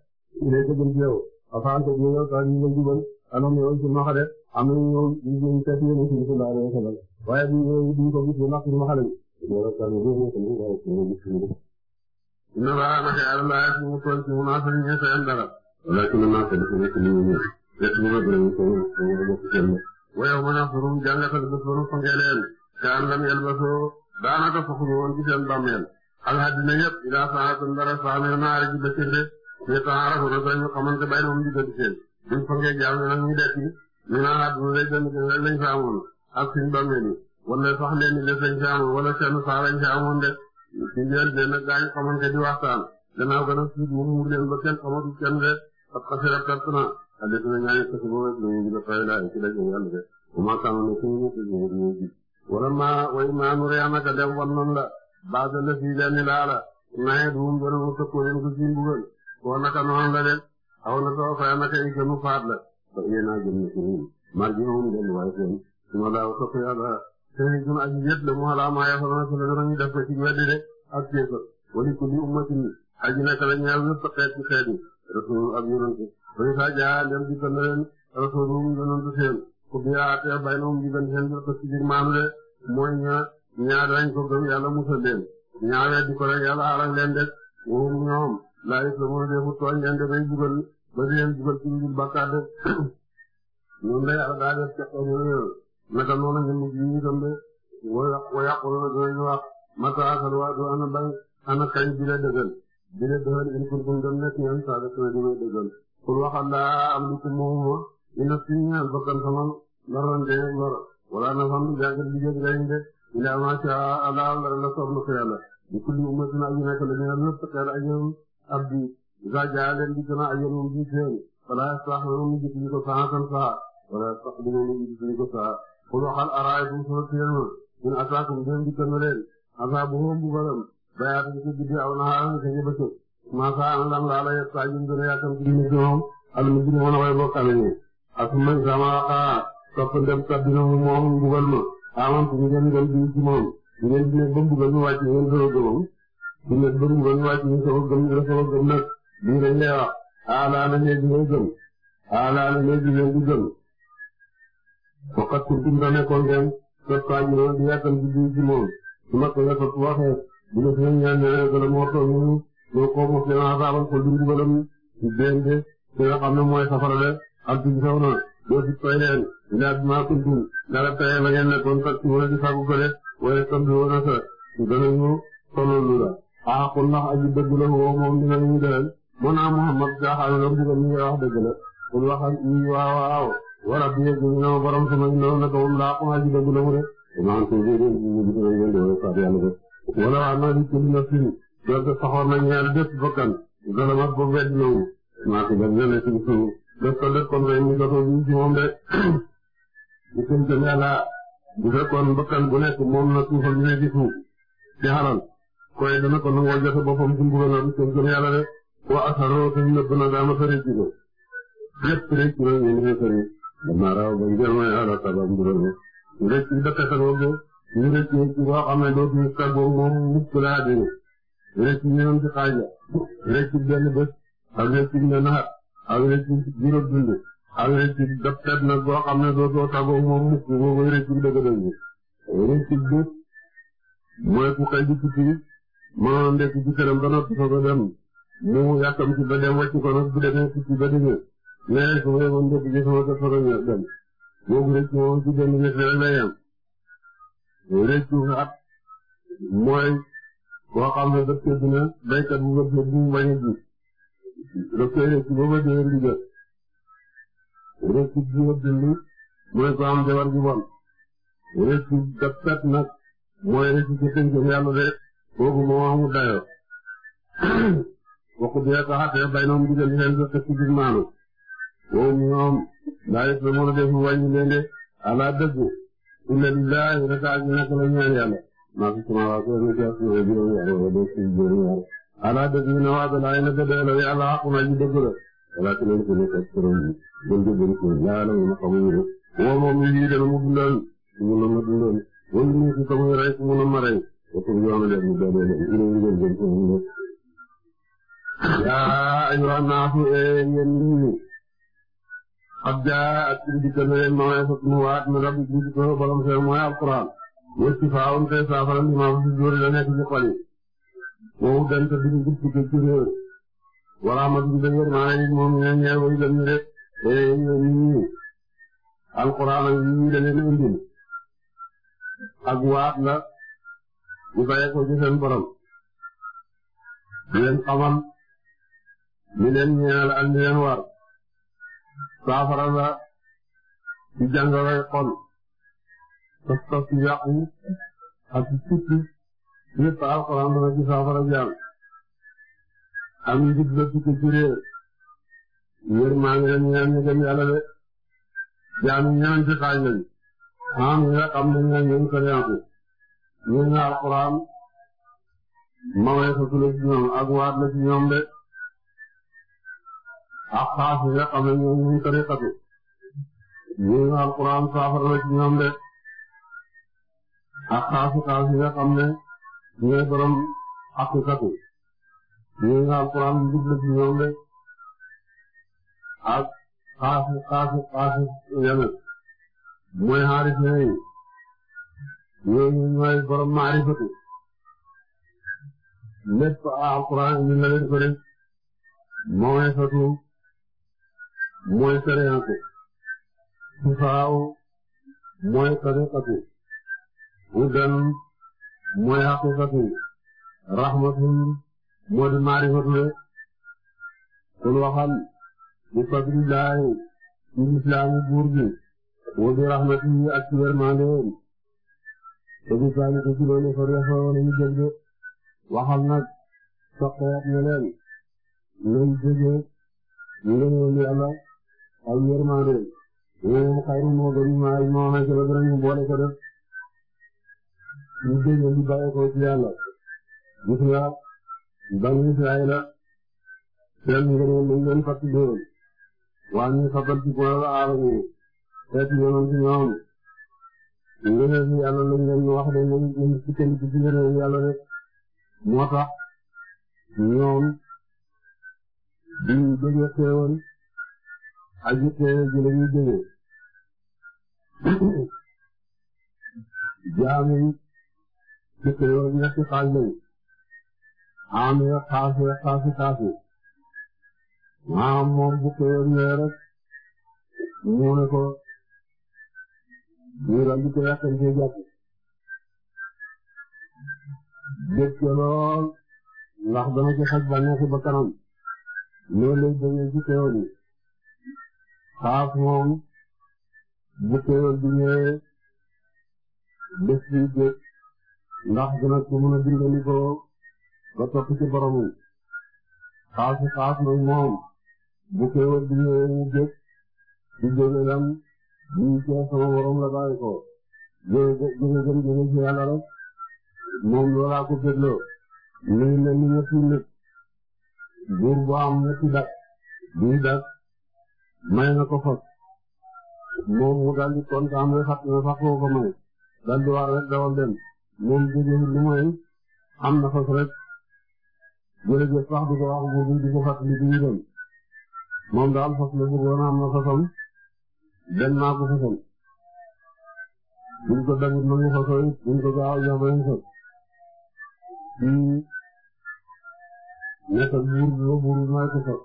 ne ko gën yow afaan ko ñu ka ñu ngi jubal anam yow ci ma xade am na ñu ñu tax ñu ci ko daara ko la waaye bu ñu ñu ko gis nak ma xale wala kaanu bi ñu ko ñu ko ko inna ba ma ya allah mu ko ci mu na fa ñu sa andara wala ci na fa ñu ko ñu ñu ko ko ko ko waaye mën a surum jàngatal ba surum fange leen kaan lam yel ba soo daanaka foxuñu woon ci seen bàmmeel alxaddina yëpp ilaa saatan dara saamee naari ji bëccëg de ñu taarafu na sañu xamante bay moom di dënd seen buñ fange jàng nag ñu dekki ñu naan àdduna lay gën gën rek lañ saamoon ak suñ bàmmeel yi wala sax leen les lañ saamoon wala seen saa lañ saamoon de ci njël de nag daañu xamante di waxtaan gannaaw gën a suuf mu muur leen ba kenn xamatu kenn de ak xasirab a dina ñaari kër gi boobu ñu ngi def ay laaj ci laaj de bu ma xamoon ne suñu nit wala maa way maa nu rey naka dem wan la baax na fi lenn laala nawet bi mu gën a sëkkoo leen ko jiw koo naka noonu la de aw na soo fay naka yi gënu faat la ba yéen a gën ñu si ñun. maa ngi ñëwoon delluwaay seen su ma laaw sëkk yàlla seen i suñu aji yëpp la mu xalaat maa yaakaar naa si la dara ñu def ko weddi de ak kéefër wala ku li ummatin aji way sa jaa ndem dikkal na leen rasulum yonantu seen ku bi ate bay noom digal seen ko ci biir maanu de mooy ña ñaa dañ ko gëm yàlla musal leen ñaa weddi ko rek yàlla arak leen de woom ñoom laa la mu defu tooñ leen de bay jugal ba di leen jugal ci biir bakkaat de ñoom la yàlla daa def ca xeeñu yooyu naka noonu ñu mujj ñu gëm de wa yaquluna dinañu wax mata asalwaatu ana bay ana kañ bi la dëggal bi la dëggal in kuntum dem nekk ñoom saa def na di may dëggal pour waxal laa am lu ci moom ila si ñaan bakkan sama naroon de lor wala na fam du jaagal di jëg dañ de ila ma sha Allah la la soob na ko yàlla di kulli ummatin aji nekk la ñaan ñëpp xeel ajoom abdi isa jaa leen di gën a ajoom ji seen wala sax na mu jëf ñu ko saatan saa wala sax dina mu jëf ñu ko saa pour waxal araaytum soo teel ma ñun ataakum ngeen di gën leen asaabu hom bu balam bayaatu ci guddi aw na xaaral nga ca maasa an lan laala yettajin dina yakam ci nit ñoom al mujrimuna way bokkale ñi asuma sama waqa topp ndem mu moom mbugal ma aman tu ngeen gëm bi ci moom ngeen dina ba mbugal mi wàcc ngeen soo gëmam dina ba mbugal mi wàcc ngeen soo gëm ngeen soo gëm nag li dañ lay wax alaana léegi ngay gëm alaana léegi ngeen di gëm faqat kuntum da nekkoon ngeen yettajin di yakam ci bi ci moom su ma ko yàqat waxee dina fi ñaan ñaan gëlam waxtoo ñu boo ko mos leen asaabal ko lu mbugalam ci dénk ci nga xam ne mooy safara de ak ci saw na doo ci fay leen ilaa bi maa kuntum dara tey la ngeen nekkoon tak ci wala di sàkku ko de waaye tam bi wala sa su lu la ah kon ndax aji dëgg la woo moom dinañu dalal moo naa Muhammad jaaxaale la mbugal mi nga wax dëgg la kon waxal yi waaw waaw wala bi yegg ñu ne ma borom sama ñëw na ko moom laa ko aji dëgg la mu de. wala waa noonu ci li nga fi doonte soxoon nañ ñaari bépp bakkan dana mag bu wedd nangu maa ko bëgg na ci suuf def ko def kon rek ñu dootoo ñu ci moom de bu ko jëm yàlla bu fekkoon bakkan bu nekk moom la suufal ñu ne ci suuf ci xaral koy dana ko nangoo jote boppam ci mbugal na bu ko jëm yàlla de wa asaroo te nëbb na daama sëriñ ci ko lépp rek ci lañ ñu sëriñ dama raw ba ngeen mooy ala sabab mbugal ma ñu rek ci dëkk sa bopp ci boo xam doo fi rek ñeenti xaaj la rek benn bés ak rek ne naat ak rek juróom dund ak rek def tet nag boo xam ne doo doo tagoo moom mukk boobu rek dëgg-dëgg rek bés mooy ku xëy di tukki mënoon ndekk ci këram ba fa ba dem mu yàkkam ci ba dem wàcc bu demee tukki ba dëgg mais su ma yemoon ndekk ci sama kër fa ba dem boobu ci benn bés rek la yem rek mooy boo xam ne daf koy dina béykat bu bëgg bu mu bañ a ji daf koy rëcc ba ba déwén di jël rëcc bi nga bind mooy ko am jabar ju bon rëcc daf pet nag mooy rëcc ci sëñ bi yàlla de boobu moo amul dayoo wax dëgg yàlla saxatee bay noonu digal seen sa tëkk bi maanu boobu ñoom daa it la mën a def wàññi leen de ala dëgg illa lillahi rek ak nekk la ñaan yàlla maa fi samaawaat wala ci asmaa juróomi yàlla wala ci juróomi yàlla. ala dëgg yi ne waa bi laay na dëgg la yàlla àq na ji dëgg la. voilà ci lañ ko nekk ak këram bi. gën di gën ko mu dundoon. su mu noon ma dundoon. wala ñu ci xamuñu rey mu noon ma rey. parce que yoonu leen mu doon leen ñu doon gën mu nekk. yaa ayyuhan naasu wëcc faa woon te saafara li ma fi jóori la nekk ci xol yi wow dañ ko di gis ci ci réew wala ma dugg ba yér maa ngi moom ñaan ñaar way dem rek ñu alquran ak ñu da leen indil ak waat la ñu bàyyi ko ci borom leen xamal li leen ñaanal ak li saafara la ci jàngoro xol tos tos ci yàqu ak tukki lépp alxuraan dana ci saafara jaam am njub la tukki ci réer yéen maa ngi leen ñaan ñu gëm yàlla de jaam yi ñeenti xaaj lañ maanaam ñi nga xam ne ñu ngi leen soriante ñu ngi alxuraan mawee sa tula ci ñoom ak waat la ci ñoom de ak xaas yi nga xam ne ñu ngi leen soriante ñu ngi alxuraan saafara la ci ñoom de. ak xaasu xaas yi nga xam ne ñooy borom xaqiqatu ñooy nga alquran jublu ci ñoom de ak xaasu xaasu xaasu yeneen mooy xaarife yi ñooñu ñooy borom maarifatu lépp alquran ñu la leen ko def mawesatu mooy sariyantu sufaaw mooy tariqatu hudan mooy haqiqatu rahmatun moo di maarifatu de kon waxal bi fadlillahi ci islaami buur bi wa bi rahmati ak ci yërmandeem te bi saani ko ci loolu fa refoo nañu jóg de waxal nag soqeet ne leen nañ jóge ngëneelu yàlla ak yërmandeem ñoom xayru moo gën maa yi moo nañ ci ba dara ñu boole ko def ñu dégg li bàyyeekoo ci yàlla gis nga bani Israayila seen ngëneel lañ leen fàttali woon waa ñu xabal ci boole la aar ñu seeti ñoom ci ñoom ngëneel aji teewe ji la ñuy jógee dëkk yoo ñetti xaaj lañu am yoo xaasu xaasu xaasu maam moom bu ko yor ñëwee ko ñu daal di ko yàqante jàpp dëkk lool ndax dana ci xaj ba nekk ba kanam loolu ci teewul yi moom bu teewul di ñëwee bés bi ndax dina ko mën a dimbali ko ba ci boromam xaasu xaas nag moom bu xéewal di ñëwee ñu jëkk di jóge lam ñu ci sama borom la bàyyi ko jóge jóge gëm jóge ci yàlla rek moom loolaa ko bégloo ñu ngi mel ni ñetti nit buur bu am ñetti dak bii dak may na ko fas moom mu daldi kontaan rek xam ne sax ko may daldi war rek dawal dem leen jógee lu mooy am na fas rek jërëjëf sax di ko wax bu bi di ko fàttali di ñu dem moom daal fas la bëggoon am na fasam dem naa ko fasam buñ ko dagut nangu fasoo it buñ ko gaaw jox benn fas ci nekk buur bi ba buur bi may ko fas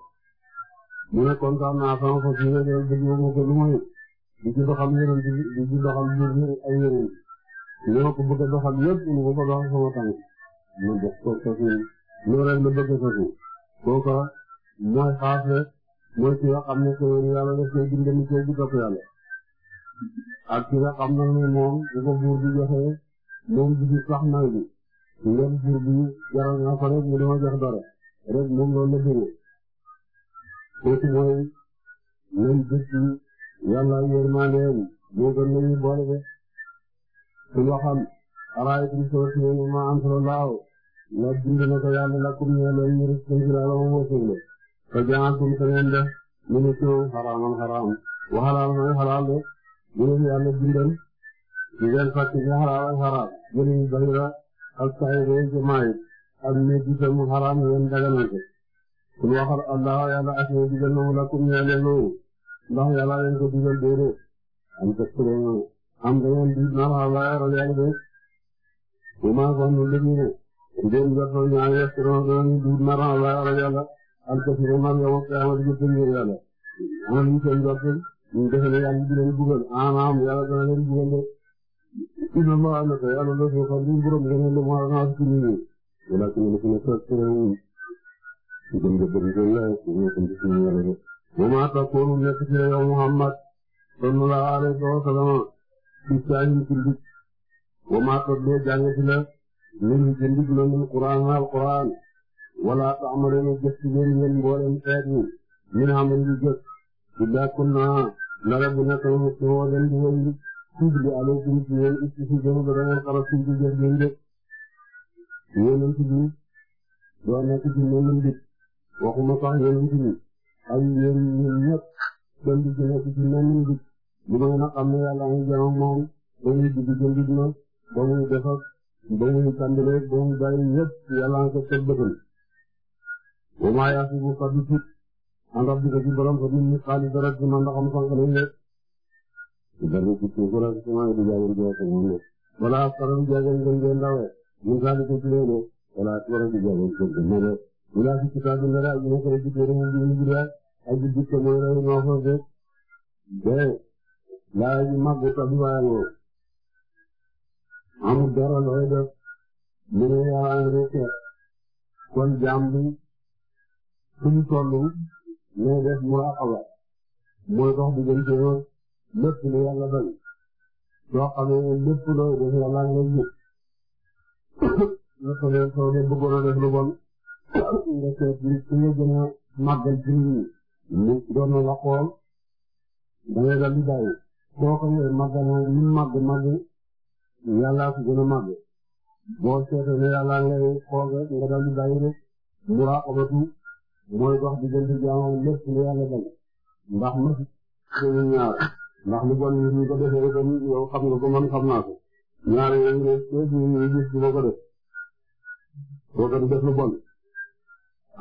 mu ne kontaan naa sama fas yi nga bëgg ma ko lu mooy di ci doxal yërëm di ci doxal yërëm ay yërëm ñoo ko bëgg a doxal yëpp ñu ngi ko doxal sama tànk ma def ko soxna loolu rek ma bëgg a kooka mooy xaas la mooy ki xam ne que yàlla daf koy dimbali ñu koy di topp yàlla ak ki nga xam ne moom bu ko buur bi moom du di sax naw bi ngeen buur bi jaral naa ko rek mu dama jox dara rek moom loolu la bëgg kooku mooy nañ gëstu yàlla yërmandeem moo gën nañu boole suñu waxoon araayatum soo suñu ma anzalallahu la bind na yàlla lakum ñeel a yëri seen jëlaala moom moo suñu te jaaxaltum te ngeen def ñu ne ci xaraaman xaraam wa xalaal mooy xalaal de ñu ne yàlla bindal ñu leen fàcc ci xalaal ak xaraam ñu ne ñu bayra ak saay rey jamaay ak ne gisam xaraam ngeen daganante suñu waxoon allah yàlla ak ñu digal na mu yàlla leen ko digal déedéet am tëkk am nga yéen di naan xam laa yore yaa ngi dégg bu ma ko nu mu ne jërëjëf Ndiakhate ñaar yéen si loolu da nga di naan xam laa yore yàlla alkasiro maa ngi wax yaa ngi dégg yàlla. am nañu seen jot ñu defe ne yàlla di leen bugal ah naam yàlla dana leen bugal de. inna ma am na ko yàlla def ko xam ni borom dana lu mu war a naan si nit ñi. yàlla ci ñu ne toog ci réew mi. ñu dem ba bëri jënd la ñu ne ko gis nañu yàlla de. bu ma tàkkoon nekk ci yow Muhammad sallallahu alayhi wa sallam ci caayum jullit wa maa toddee jàngati la min jullit la min quraan al quraan wala ta'maluna jëf ci leen yéen mboolem xeet ñi min amal yu jëf illa kunna nara bu nekk na mu ci woo leen di woy tubli alaykum ci yéen isti si jëf da ngeen xara ci di jëf leen dëkk yéenen ci bi doo nekk ci mënum dit waxuma sax yéenen ci bi ay yéen ñun ñëpp doon di jëf ci mënum dit li ngay na xam ne yàlla muy jëm ak moom ba muy dugg dund na ba muy def ak ba muy tàmbalee ba muy bàyyi yëpp yàlla nga ko teg bëggal. wa maa yaasibu faddu sit ànd ak dugg ci borom fa nit ñi xaalis dara ci man ndax am sànq lañ nekk. dara ci suuf la ci maa ngi di jaageen jëlee ko moom nekk. wala faral di jaageen gën gën ndawee ñu xaalis ko ci léegi wala faral di jaageen gën gën ndawee. wala ci kitaab bi ndara ak ñu ko ci téere mu bind bi ak di dikk mooy rek ñoo fa fekk. laaj bi mag bi toog waaye amul dara looy def lu ne yàlla rek kon jaam bi fu ñu toll nee def muraqaba mooy dox diggante lépp lu yàlla bañ soo xamee lépp looy def yàlla nga gis nga xamee soo dee bëggoon a def lu bon nga seet li ci nga gën a màggal ci nit ñi doon na la xool da ngay dal di bàyyi boo ko màggal ni mu màgg màgg yàlla ko gën a boo seetee ne yàlla ngay xool rek nga dal di bàyyi rek muraqabatu mooy dox diggante jaamam lépp ma xëy na ñaar ndax lu bon ni ñu ko defee itam yow xam xam naa ko ñaar yooyu ne képp ñu gis boo ko def boo ko def lu bon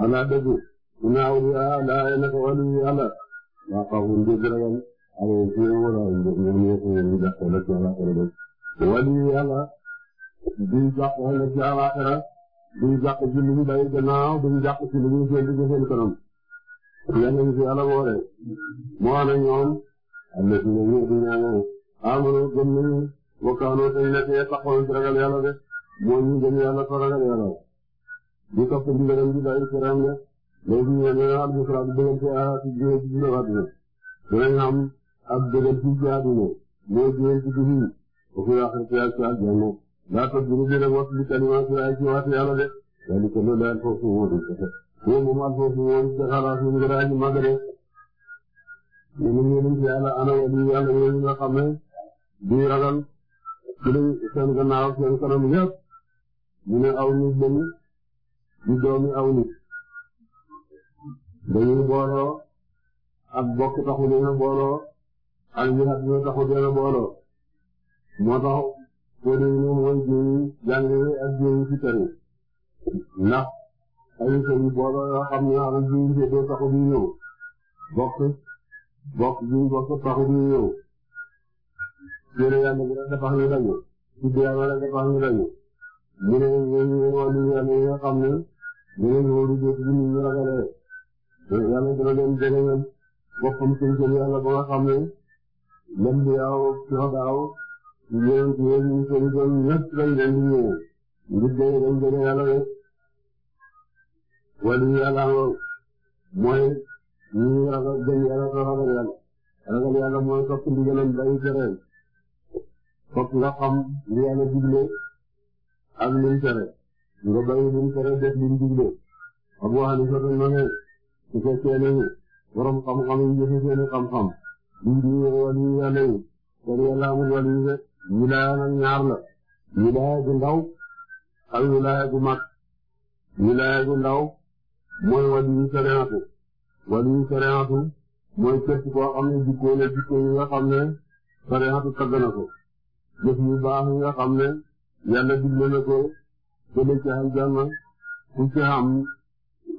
ala dëgg naa wut yàlla naka wàllu yàlla waa xaw aloo fi waraay ndox ñoom ñoo ñu jàppale ci àllaaxira de wali yàlla duñ jàppale ci àllaaxira duñ jàpp ci lu ñu bay gannaaw duñ jàpp ci lu ñu seen digg seen kanam yàlla ñu fi yàlla woore na ñoom alla si na ñëw di ñaane amano gëm nañu wakkaanoo ya taxoon ci ragal yàlla de moo ñu gëm yàlla ko ragal yàlla di topp ndigalam di bàyyi këram de léegi ñu ne al busra di bëggal ci aati dinañ am ak dëgër ci ci àdduna moo jëyee ci dugub yi ba fi ci ak ci àjjana laata dugub bi rek wax li kalima ci laay ci waat yàlla de yàlla ko loolu daal foofu wóorul kese loolu moom ak foofu moom jaxalaat ñu ngi daal ñu màgg ana wali yàlla yooyu nga xam ne du ragal ci lañ seen gannaaw seen kanam yëpp ne aw nit lañu doomi aw nit dañuy ak bokk taxu leen ak ñi nga xam ne taxul dana booloo moo tax téere yi moom mooy jiwu jàngale ak jiwu si tëri ndax ay sëñ booloo yoo xam ne am jiwu si dee taxul ñu ñëw bokk bokk jiwu bokk taxul ñu ñëw téere yàlla bi rek dafa xam ne dañu tudd yàlla rek dafa xam ne dañu ñu ne ñu ne wàllu yàlla yi nga xam ne ñu ne ñu wóoru jot ñu ñu ragalee yàlla dana leen jege boppam seen seen yàlla ba nga xam ne lënd yow Soxdaaw ñu leen di leen di seen zone ñëpp lañ leen di ñëwee ngir dee dañ gën a yàlla rek wala yàlla mooy ñu ngi ragal gën yàlla ragal yàlla ragal yàlla mooy topp ndigalam bàyyi tereen fokk nga xam li yàlla digle ak lim tere nga bàyyi lim tere def lim digle Abu Hanifa ma ne su fekkee ne borom xam-xam yi jëfe seen xam-xam. ñu ngi wali yàlla yi kon yàlla amul wali yi rek wilaaya nag ñaar la wilaaya gu ndaw ak wilaaya gu mag wilaaya gu ndaw mooy wali yu sariatu wali mooy képp koo xam ne jikko la jikko yi nga xam ne sariatu tagg ko jëf yu baax yi nga xam ne yàlla digle na ko jële ci aljanna ku ci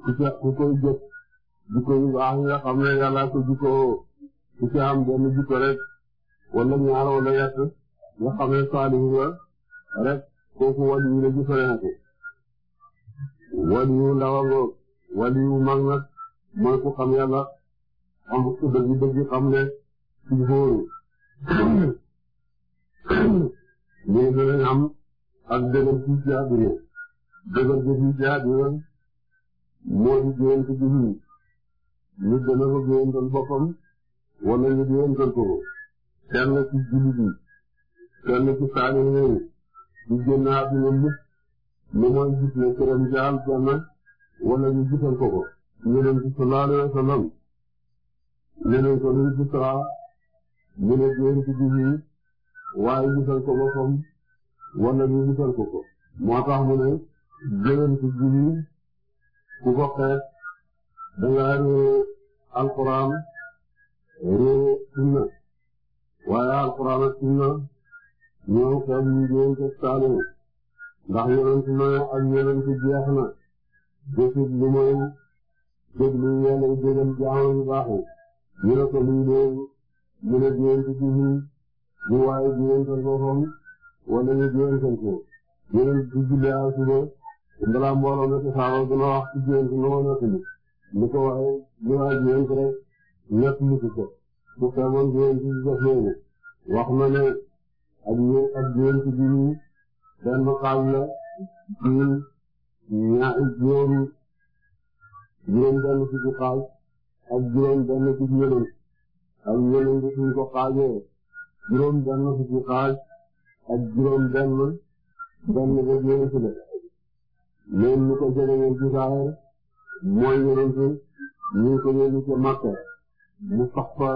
ku ci ku koy jëf jikko yu baax yi nga xam ne yàlla ko jikko ku ci am benn rek wala ñaar wala yett xamee saalihu rek kooku wali yu la jëfale na ko yu ndaw ak wali yu mag mooy ku xam yàlla am ku dëgg dëgg xam ne ci góoru lii dinañ am ak dëgër fii ci àdduna dëgër gi fii ci àdduna moo di gën ci gis ñu gën a ko gënal boppam wala ñu jëndal ko kenn ci jullit yi kenn ci saa yu néew ñu génn àdduna mukk lu mooy jaal kenn wala ñu gisal ko ko. ñu leen ci sallallahu alayhi wa sallam ñu leen ko luñ ci saa ñu ne génn ci jullit yi waaye gisal ko ko comme ku ko xeet da nga réer sunna waaye alquran ak sunna ñoo xel yi ñoo ko ndax yonent ma ak yonent jeex na jëfit lu mooy déglu yàlla dégam ñu ne ko lii léegi mu ne jëwante ci ñun ñu waaye jëwante boppam wala ñu jëwante ko yonent bi asuba balaa mbooloo ne ko saaba gën a wax ci jëwante lu ma nekk ni lu ko waaye lu ñëpp mucc ko su feebar yooyu ci def yooyu wax na ne ak ñoom ak ñoom ci biir yi benn xaal la ci ñaar juróom juróom benn ci ci xaal ak juróom benn ci yeneen ak yeneen ci suñ ko xaajee ak juróom benn benn ba juróom ci la loolu ko jëlee ci saa mooy yeneen ci ñu ko yóbbu ca Makka mu sox ko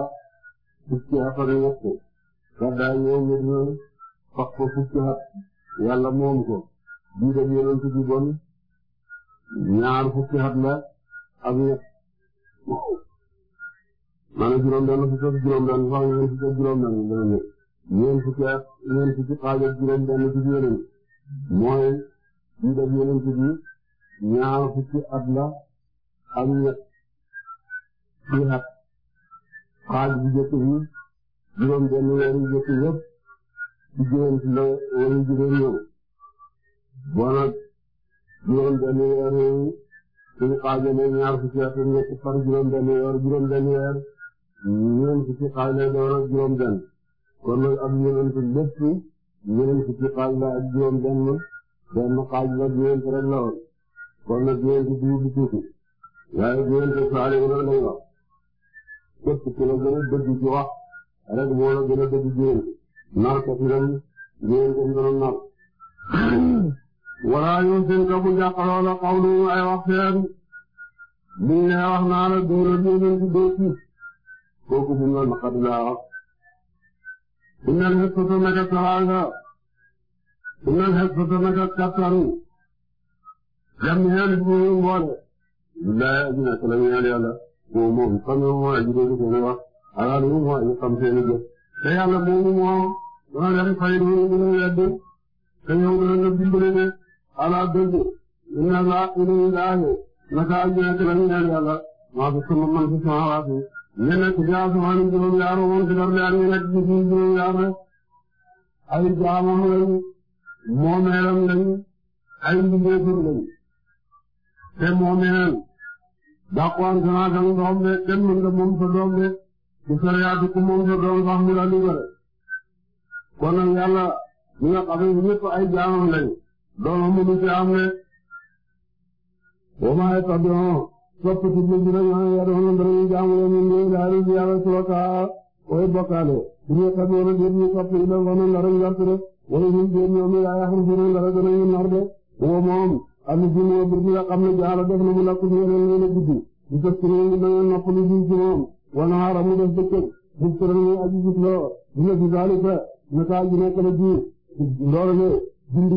fukki affaire yu waxtu gàddaa ñëw ngir ñu sox ko fukki at yàlla moom ko bii de yonent bi bon ñaar fukki at la ak ñett maanaam juróom-benn fukki at juróom-benn sax ñeent fukki at juróom-benn dana ñëw ñeent fukki at ñeent fukki xaaj ci yonent mooy bii fukki at la ak ñett fukki xaaj bu bi juróom benn juróom ci la wala juróom yooyu bon nag juróom benn weer yooyu suñu xaajalee ñaar fukki at ñetti far juróom juróom benn juróom benn kon nag ak la juróom benn benn xaaj la ñeent rek la woon kon nag ñeent bi du tuuti waaye ñeent saa leen loolu lay wax képp ku la gën a dëgg ci wax rek moo la gën a dëgg ci yéen nar ko ci ren yéen ko gën a nar. wala yoon seen ka bu jàqaloo la xawlu ay wax seen buñ ne wax naa la dóor la dóor leen ci dóor ci kooku bu nga naqati laa wax. buñ leen xet sa naka salaanga buñ leen xet sa naka kattan jam ñaari bu mboole. billahi ajina salaam yàlla moom moom comme moom moo aju doon gën a wax alors moom moo aju comme seen i jëf te yàlla moomu moo moo leen fay ñu ñu ñu wedd te yow dana nga dimbali ne ala dëgg inna la ilahi naka ñeent la ñu ñaan yàlla maa fi sama man fi sama waat yi ñu nekk ci asamaan juróom-ñaar moom ci dara yaa ñu nekk ci suuf juróom-ñaar rek ay jaamam lañu moomeelam lañu ay mbindeefam lañu te moomeelam dàqwaan sanaa kan doom de kenn mën nga moom sa doom de bu sariyaatu ku moom sa doom sax mu la libéré kon nag yàlla mi nga xam ne ñëpp ay jaamam lañu doomam mënu ci am ne wa maa yattabi'u soppati lu dina ñaan ya doon dara jaamu leen ñu ngi daal di yàlla suraka way bokkaale bu ñu xamee rek yéen ñu soppi ila woon dara ñu wala ñu ñoom ya yaxru dara dana ñu nar de moom am jinne bir nga xam ne jaala def na mu lakum yeneen ngeen a guddi bu fekk ne da ngeen noppalu ji ci moom wala xaaral mu def bëccëg bu aji gis loo dina fi zaalika naka ji nekk la ji loolu ne dindi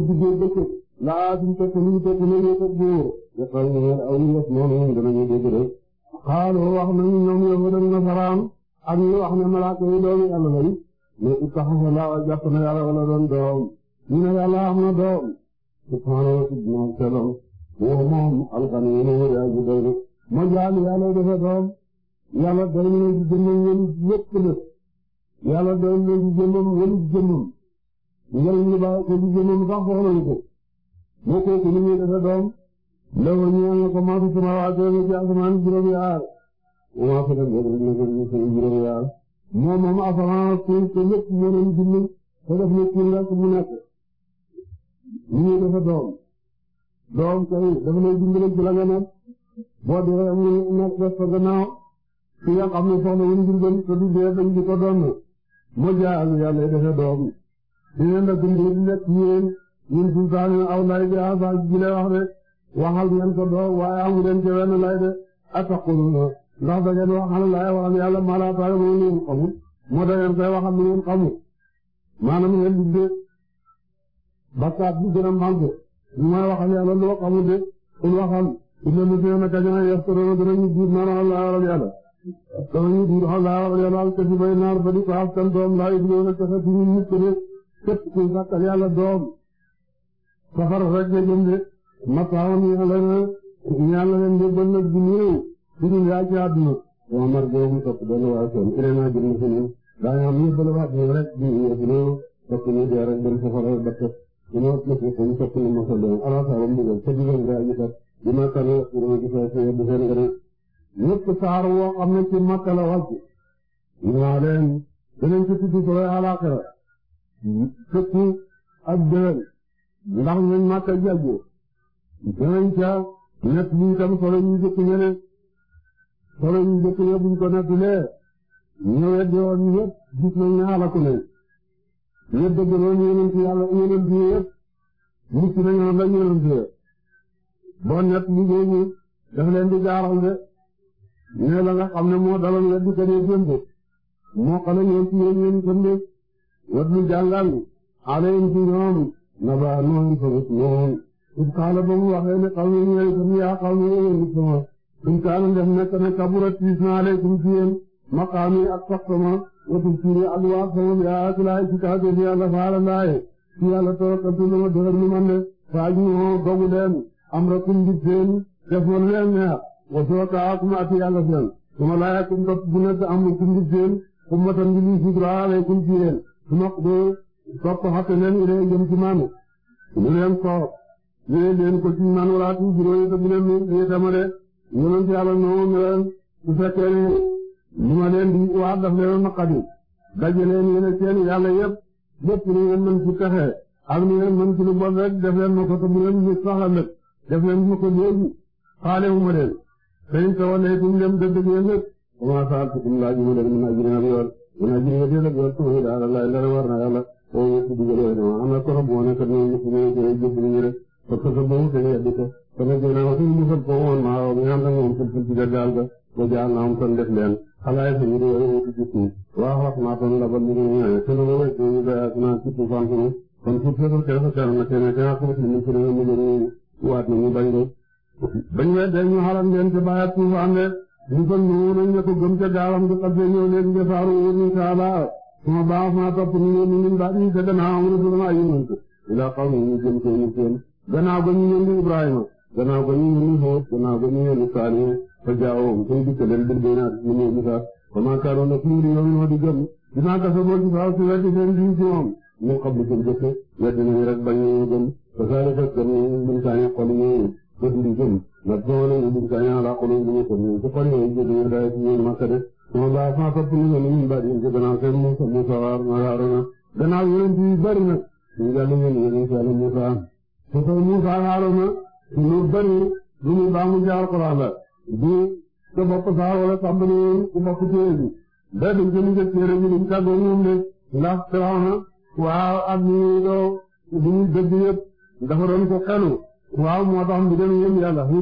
laa suñu fekk lu fekk ne ñu fekk buur yaqal ñu ne aw ñu def noonu ñu danañu dégg na saraam yi doomi yàlla lañ mais itaxafa laa jàpp na yàlla wala doom ñu ne am na doom subhaanahu wa ta'ala selom woo moom alxani na yaay bu moo jaal yàlla dafa doom yàlla doy na ci jëmmam wëlu yëpp nag na ci jëmmam wëlu ci jëmmam njëriñ ko ci jëmmam sax soxla nañu ko moo kooku ni muy ko maa fi sama waatee na ci asamaan juróomi na ko juróomi aar moom moom asamaan suuf te lépp moo leen bind te na ci rek ñuy defa doom doom kay dafa lay dimbali ci la nga nekk boo dee mu nekk def ko gannaaw fi nga xam ne soxla wuñ dimbali te du dee dañ di ko doon moo jaaxal yàlla defe doom di leen da dimbali di nekk ñeen ñun sultaan aw lay bi asa ji lay wax de waxal ngeen ko doom waaye amu leen ci wenn lay de ataquluna ndax da ngeen waxal lay waxal yàlla malaataay mu ngeen xamul moo da ngeen koy waxal mu ngeen xamul maanaam ngeen di bakkaat bi gën a màgg ñu may wax ak yàlla lu wax amul de suñu waxal inna lladiina kafaru yaftaruuna danañu duut naan ala waral yàlla danañu duut ala waral yàlla al-kaziba naar ba di ko askan doom laa yubdiina sakatuhum nit ko de képp ku sàkkal yàlla doom safar rek nga jëm de mattaawam yàlla na yàlla leen de ba nag bu néew suñu yaa ci àdduna Muhammad boobu topp benn waa soon iréna jëm na fi nii am yëpp la waat rek ñu ñëw fi néew topp ñu dee rek dem safara ba dina jëfee seen lu mu soxla woon alaaka la mu dugal te du leen gaa ma kàlla dina gisee seen bu seen gën a ñëpp saar woo xam ne ci makka la wàcc. dinaa leen danañ ci tudd sooy tam solo ñu jëkk ñeneen. solo ñu jëkk ñe buñ ko nekkulee. ñëwee di woon ñëpp gis nañ ne alaku leen. ñu dëgg noonu yonent yàlla yonent yi yëpp mucc nañu la yonent yi bon ñett liggéey ñi daf leen di gaaral de ne la nga xam ne moo daloon nga di ko dee moo xale ñoom ci yéen yéen kon de wat lu jàngal ni alayhim ci ñoom na ba noonu fa gis noonu it ba mu waxee ne xaw ma ñëwee kon yaa xaw ma yéen nit sama in kaana def nekk ne kabura tiis na alaykum ci yéen maqaami ak sax sama wasu suuri alluwaat sama bi ah si laay si kàddu gi yàlla faala laay si yàlla torokantu lu ma dëgër lu man de faaj moo dogu leen am rakum bi seen def ma lu leen neex wasoo kaakum ak yàlla seen su ma laay akum topp bu nekk am rakum bi seen ummatan bi lu sudraa alaykum ci yéen su ma ko topp xatte leen ilay jëm ci man lu leen ko ñu leen ko ci man walaatu juróomi te lu ma leen di wax daf leen naqadi dajaleen yéen seen yàlla yëpp lépp lu ngeen mën ci pexe ak lu ngeen mën ci lu bon rek def leen ma ko te bu leen ñu soxla def leen ma ko léegi xaale wu ma leen wa sa'altukum laa ji ma leen mën a jëriñ ak yoon mën a jëriñ ak yoon ak yoon sama daal Allah la ma am na ko bu wone kat ñoom ñëpp ñu jëriñ jëpp ñu rek parce que boobu seen yeddi ko sama jëriñ ak ma waaw ñu am na moom ci ci gàddaal ga ba jaar na am xalaat yi ñu ngi gis ñu wax naa ko la ba mu ngi ñëwee te loolu mooy ñu ba naa ci suuf am suñu kon suuf si suuf kenn ku teeloon na kenn kenn ku ci ñu ci réew mi ñu waat na ñu bañ ko. bañ weddee ñu xaram leen te bàyyaat suuf am de ñu ko ñëw nañ topp ñu ñëw ñu ñu baat ñu te gannaaw amul vraiment ay yëngu ko. ila xaw ma jëm seen i seen gannaaw ñu yëngu Ibrahima gannaaw ba ñu yëngu Hood gannaaw ba ñu yëngu Saliha fa jaawoo koy dikk leen bir bay naa ñu ñëw Musaa wa maa kaanoo nag ñu ngi yow di gëm dinaa gafe boo ci faaw si weddi seen diñ ci moom ñu xam lu seen jëkk weddi nañu rek bañ ñu gëm fa saale fas gëm ñu buñ saañe xol ñu bët di gëm nag soo wane ñu jaar Alxuraan la di sa bopp saa wala tàmbali ku bokk téere bi ba duñ ko liggéey téere bi duñ tàggoo ñoom ndax Firawna waaw ak ñi doo bu ñu yëpp dafa doon ko xelu waaw moo tax mu gën a yëm yàlla ñu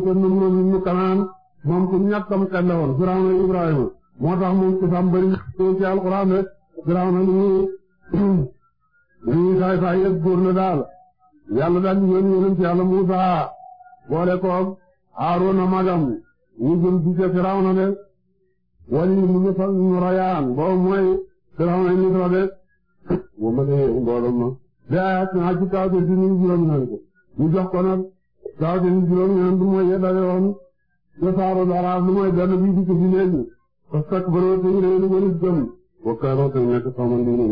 ko Kanaan moom ku ñàkkam xel woon Firawna Ibrahima moo tax moom ci sam bëri ci alxuraan rek Firawna lu ñuy saay saay yëpp góor na daal yàlla daal ñu yónni yónent yàlla Muusaa boole ko Haaruna magam ñu jëm gisee Firawna de wàññi mu ñu fal ñu rayaan boobu mooy Firawna ñu trop de moom ma ne mbooloo ma. ayaat naa ci kaw te dinañ juróom-ñeent jox ko nag kaw te ñu juróom-ñeent du mooy yéen daje woon te saabu dara lu mooy benn bii di ko ji léegi parce que borom tey dañu leen a jëm bokk naa loo koy nekk xaw ma nii nii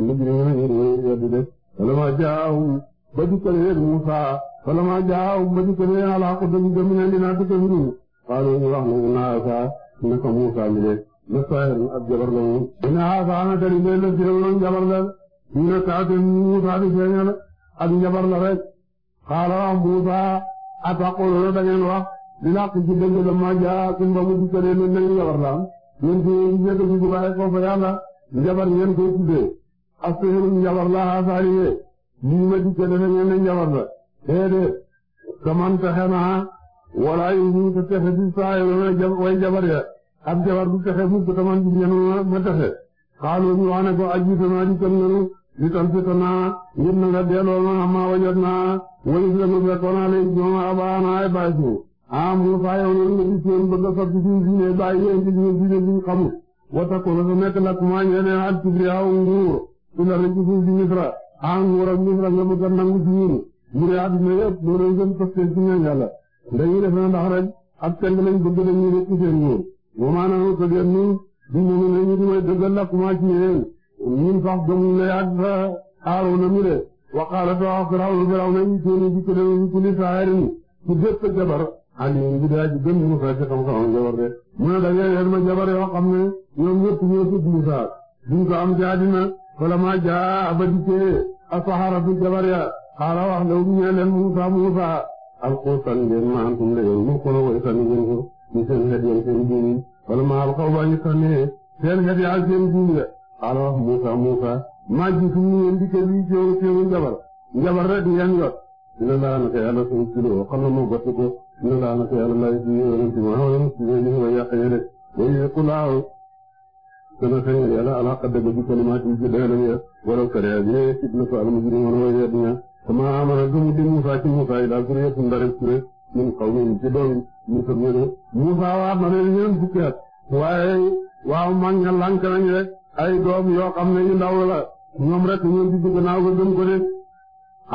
Musaa wala maa jaaw ba dikkale alaaku dañu gëm ne dinaa xaalu ñu wax ne na Isa naka Musa mi ne la saahiru ab jabar la moom inna Isa na kari ndey la siroon jabar la ñu ne taate Musa di feeñal ak la rek xaala Musa ataquluna da ngeen wax li làq ci la ma jaa kum ba mu dikkalee mel nañu jabar la am ñun ci ñëkk ci ko fa yàlla jabar ngeen koy tuddee asihiru jabar la haasaaliyee lii ma dikkalee mel nañu jabar la déedéet kamante xenaa wala yu ñu te texe bi saa yoo xam way jabar ya ab jabar du texe mu ko taman ji ma texe xaalu ñu wax ne ko aji tanaa di kon nanu li tan nga delloo ma amma la mu fekkoonaa lay ñoom abaana ay baay su am mu saa yoo xam ne di seen bëgg a soppi suñu diine bàyyi leen sa nekk la kuma ñene al kibri aw nguur ila rek suñu di misra a nguur ak nga bëgg a nangu dañuy def na ak kenn lañ bëgg dañuy def ci wa maanaam ko gën ñu di ñu ne ñu di may dëggal la kuma ci yéen ñun sax gëmuñ la ak sa xaaru na mi de wa qaala firawnu firawna itiini bi kulli kulli saahirin ci bépp jabar alim bi ci xam jabar de mu ne da ngeen leen ma jabar yoo xam ne ñoom ñëpp ñoo Musaa duñ ko am jaadina Musaa Musaa alxuusan ngeen naan kum léegi mu xooloo way sànni ngeen ko ñu seen xet yéen seen jiw yi wala maa la xaw baa ñu seen xet yaa seen jiw la xaaral wax Moussa Moussa maa ngi fi di ko lii seen njabar njabar rek ngeen jot dina laa naka yàlla suñu kilo xam na moo gëstu ko dina laa naka yàlla lay si yéen si maa wala si yéen ñu koy yàqee rek waaye ku laaw dana xëy yàlla alaaka dëgg bi kalimaat bi ne si dina ko sama amana gëmu di Musa ci Musa yi daal ku ne yëpp ndare kuré ñun xaw ñun ci doon Musa waat na leen ñeen fukki waaye waaw mag ña lànk nañ rek ay doom yoo xam ne yu ndaw la ñoom rek ñoo ci dugg naaw ko gëm ko de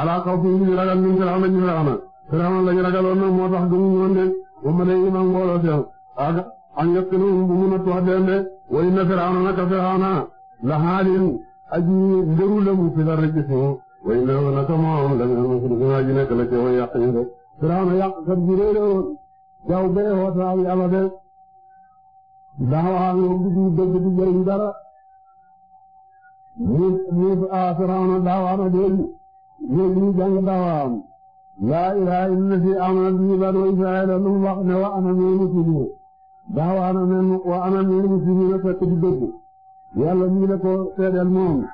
ala xaw fi ñu ragal ñun Firawna ñu Firawna Firawna lañu ragaloon nag moo tax gëmuñu woon de wa ma léegi nag mbooloo seen ak ak yaqinu bu mun a tuwax deen de way na Firawna naka Firawna la xaalin aji ndëru mu fi la rek gis way na a ji nekk la ca way yàq ñu rek. Firawna yàq kat bu rëy la woon jaww bee wootaaw yàlla de daa waxaa ñoom dara ñu ñu ah Firawna daawaa na dégg ñoom ñu jàng daawaam. laa si amana bihi banu Israa'iila lu mu wa ana minal muslimiin daawaa na ne wa ana minal muslimiin fekk du dëgg yàlla ñu ne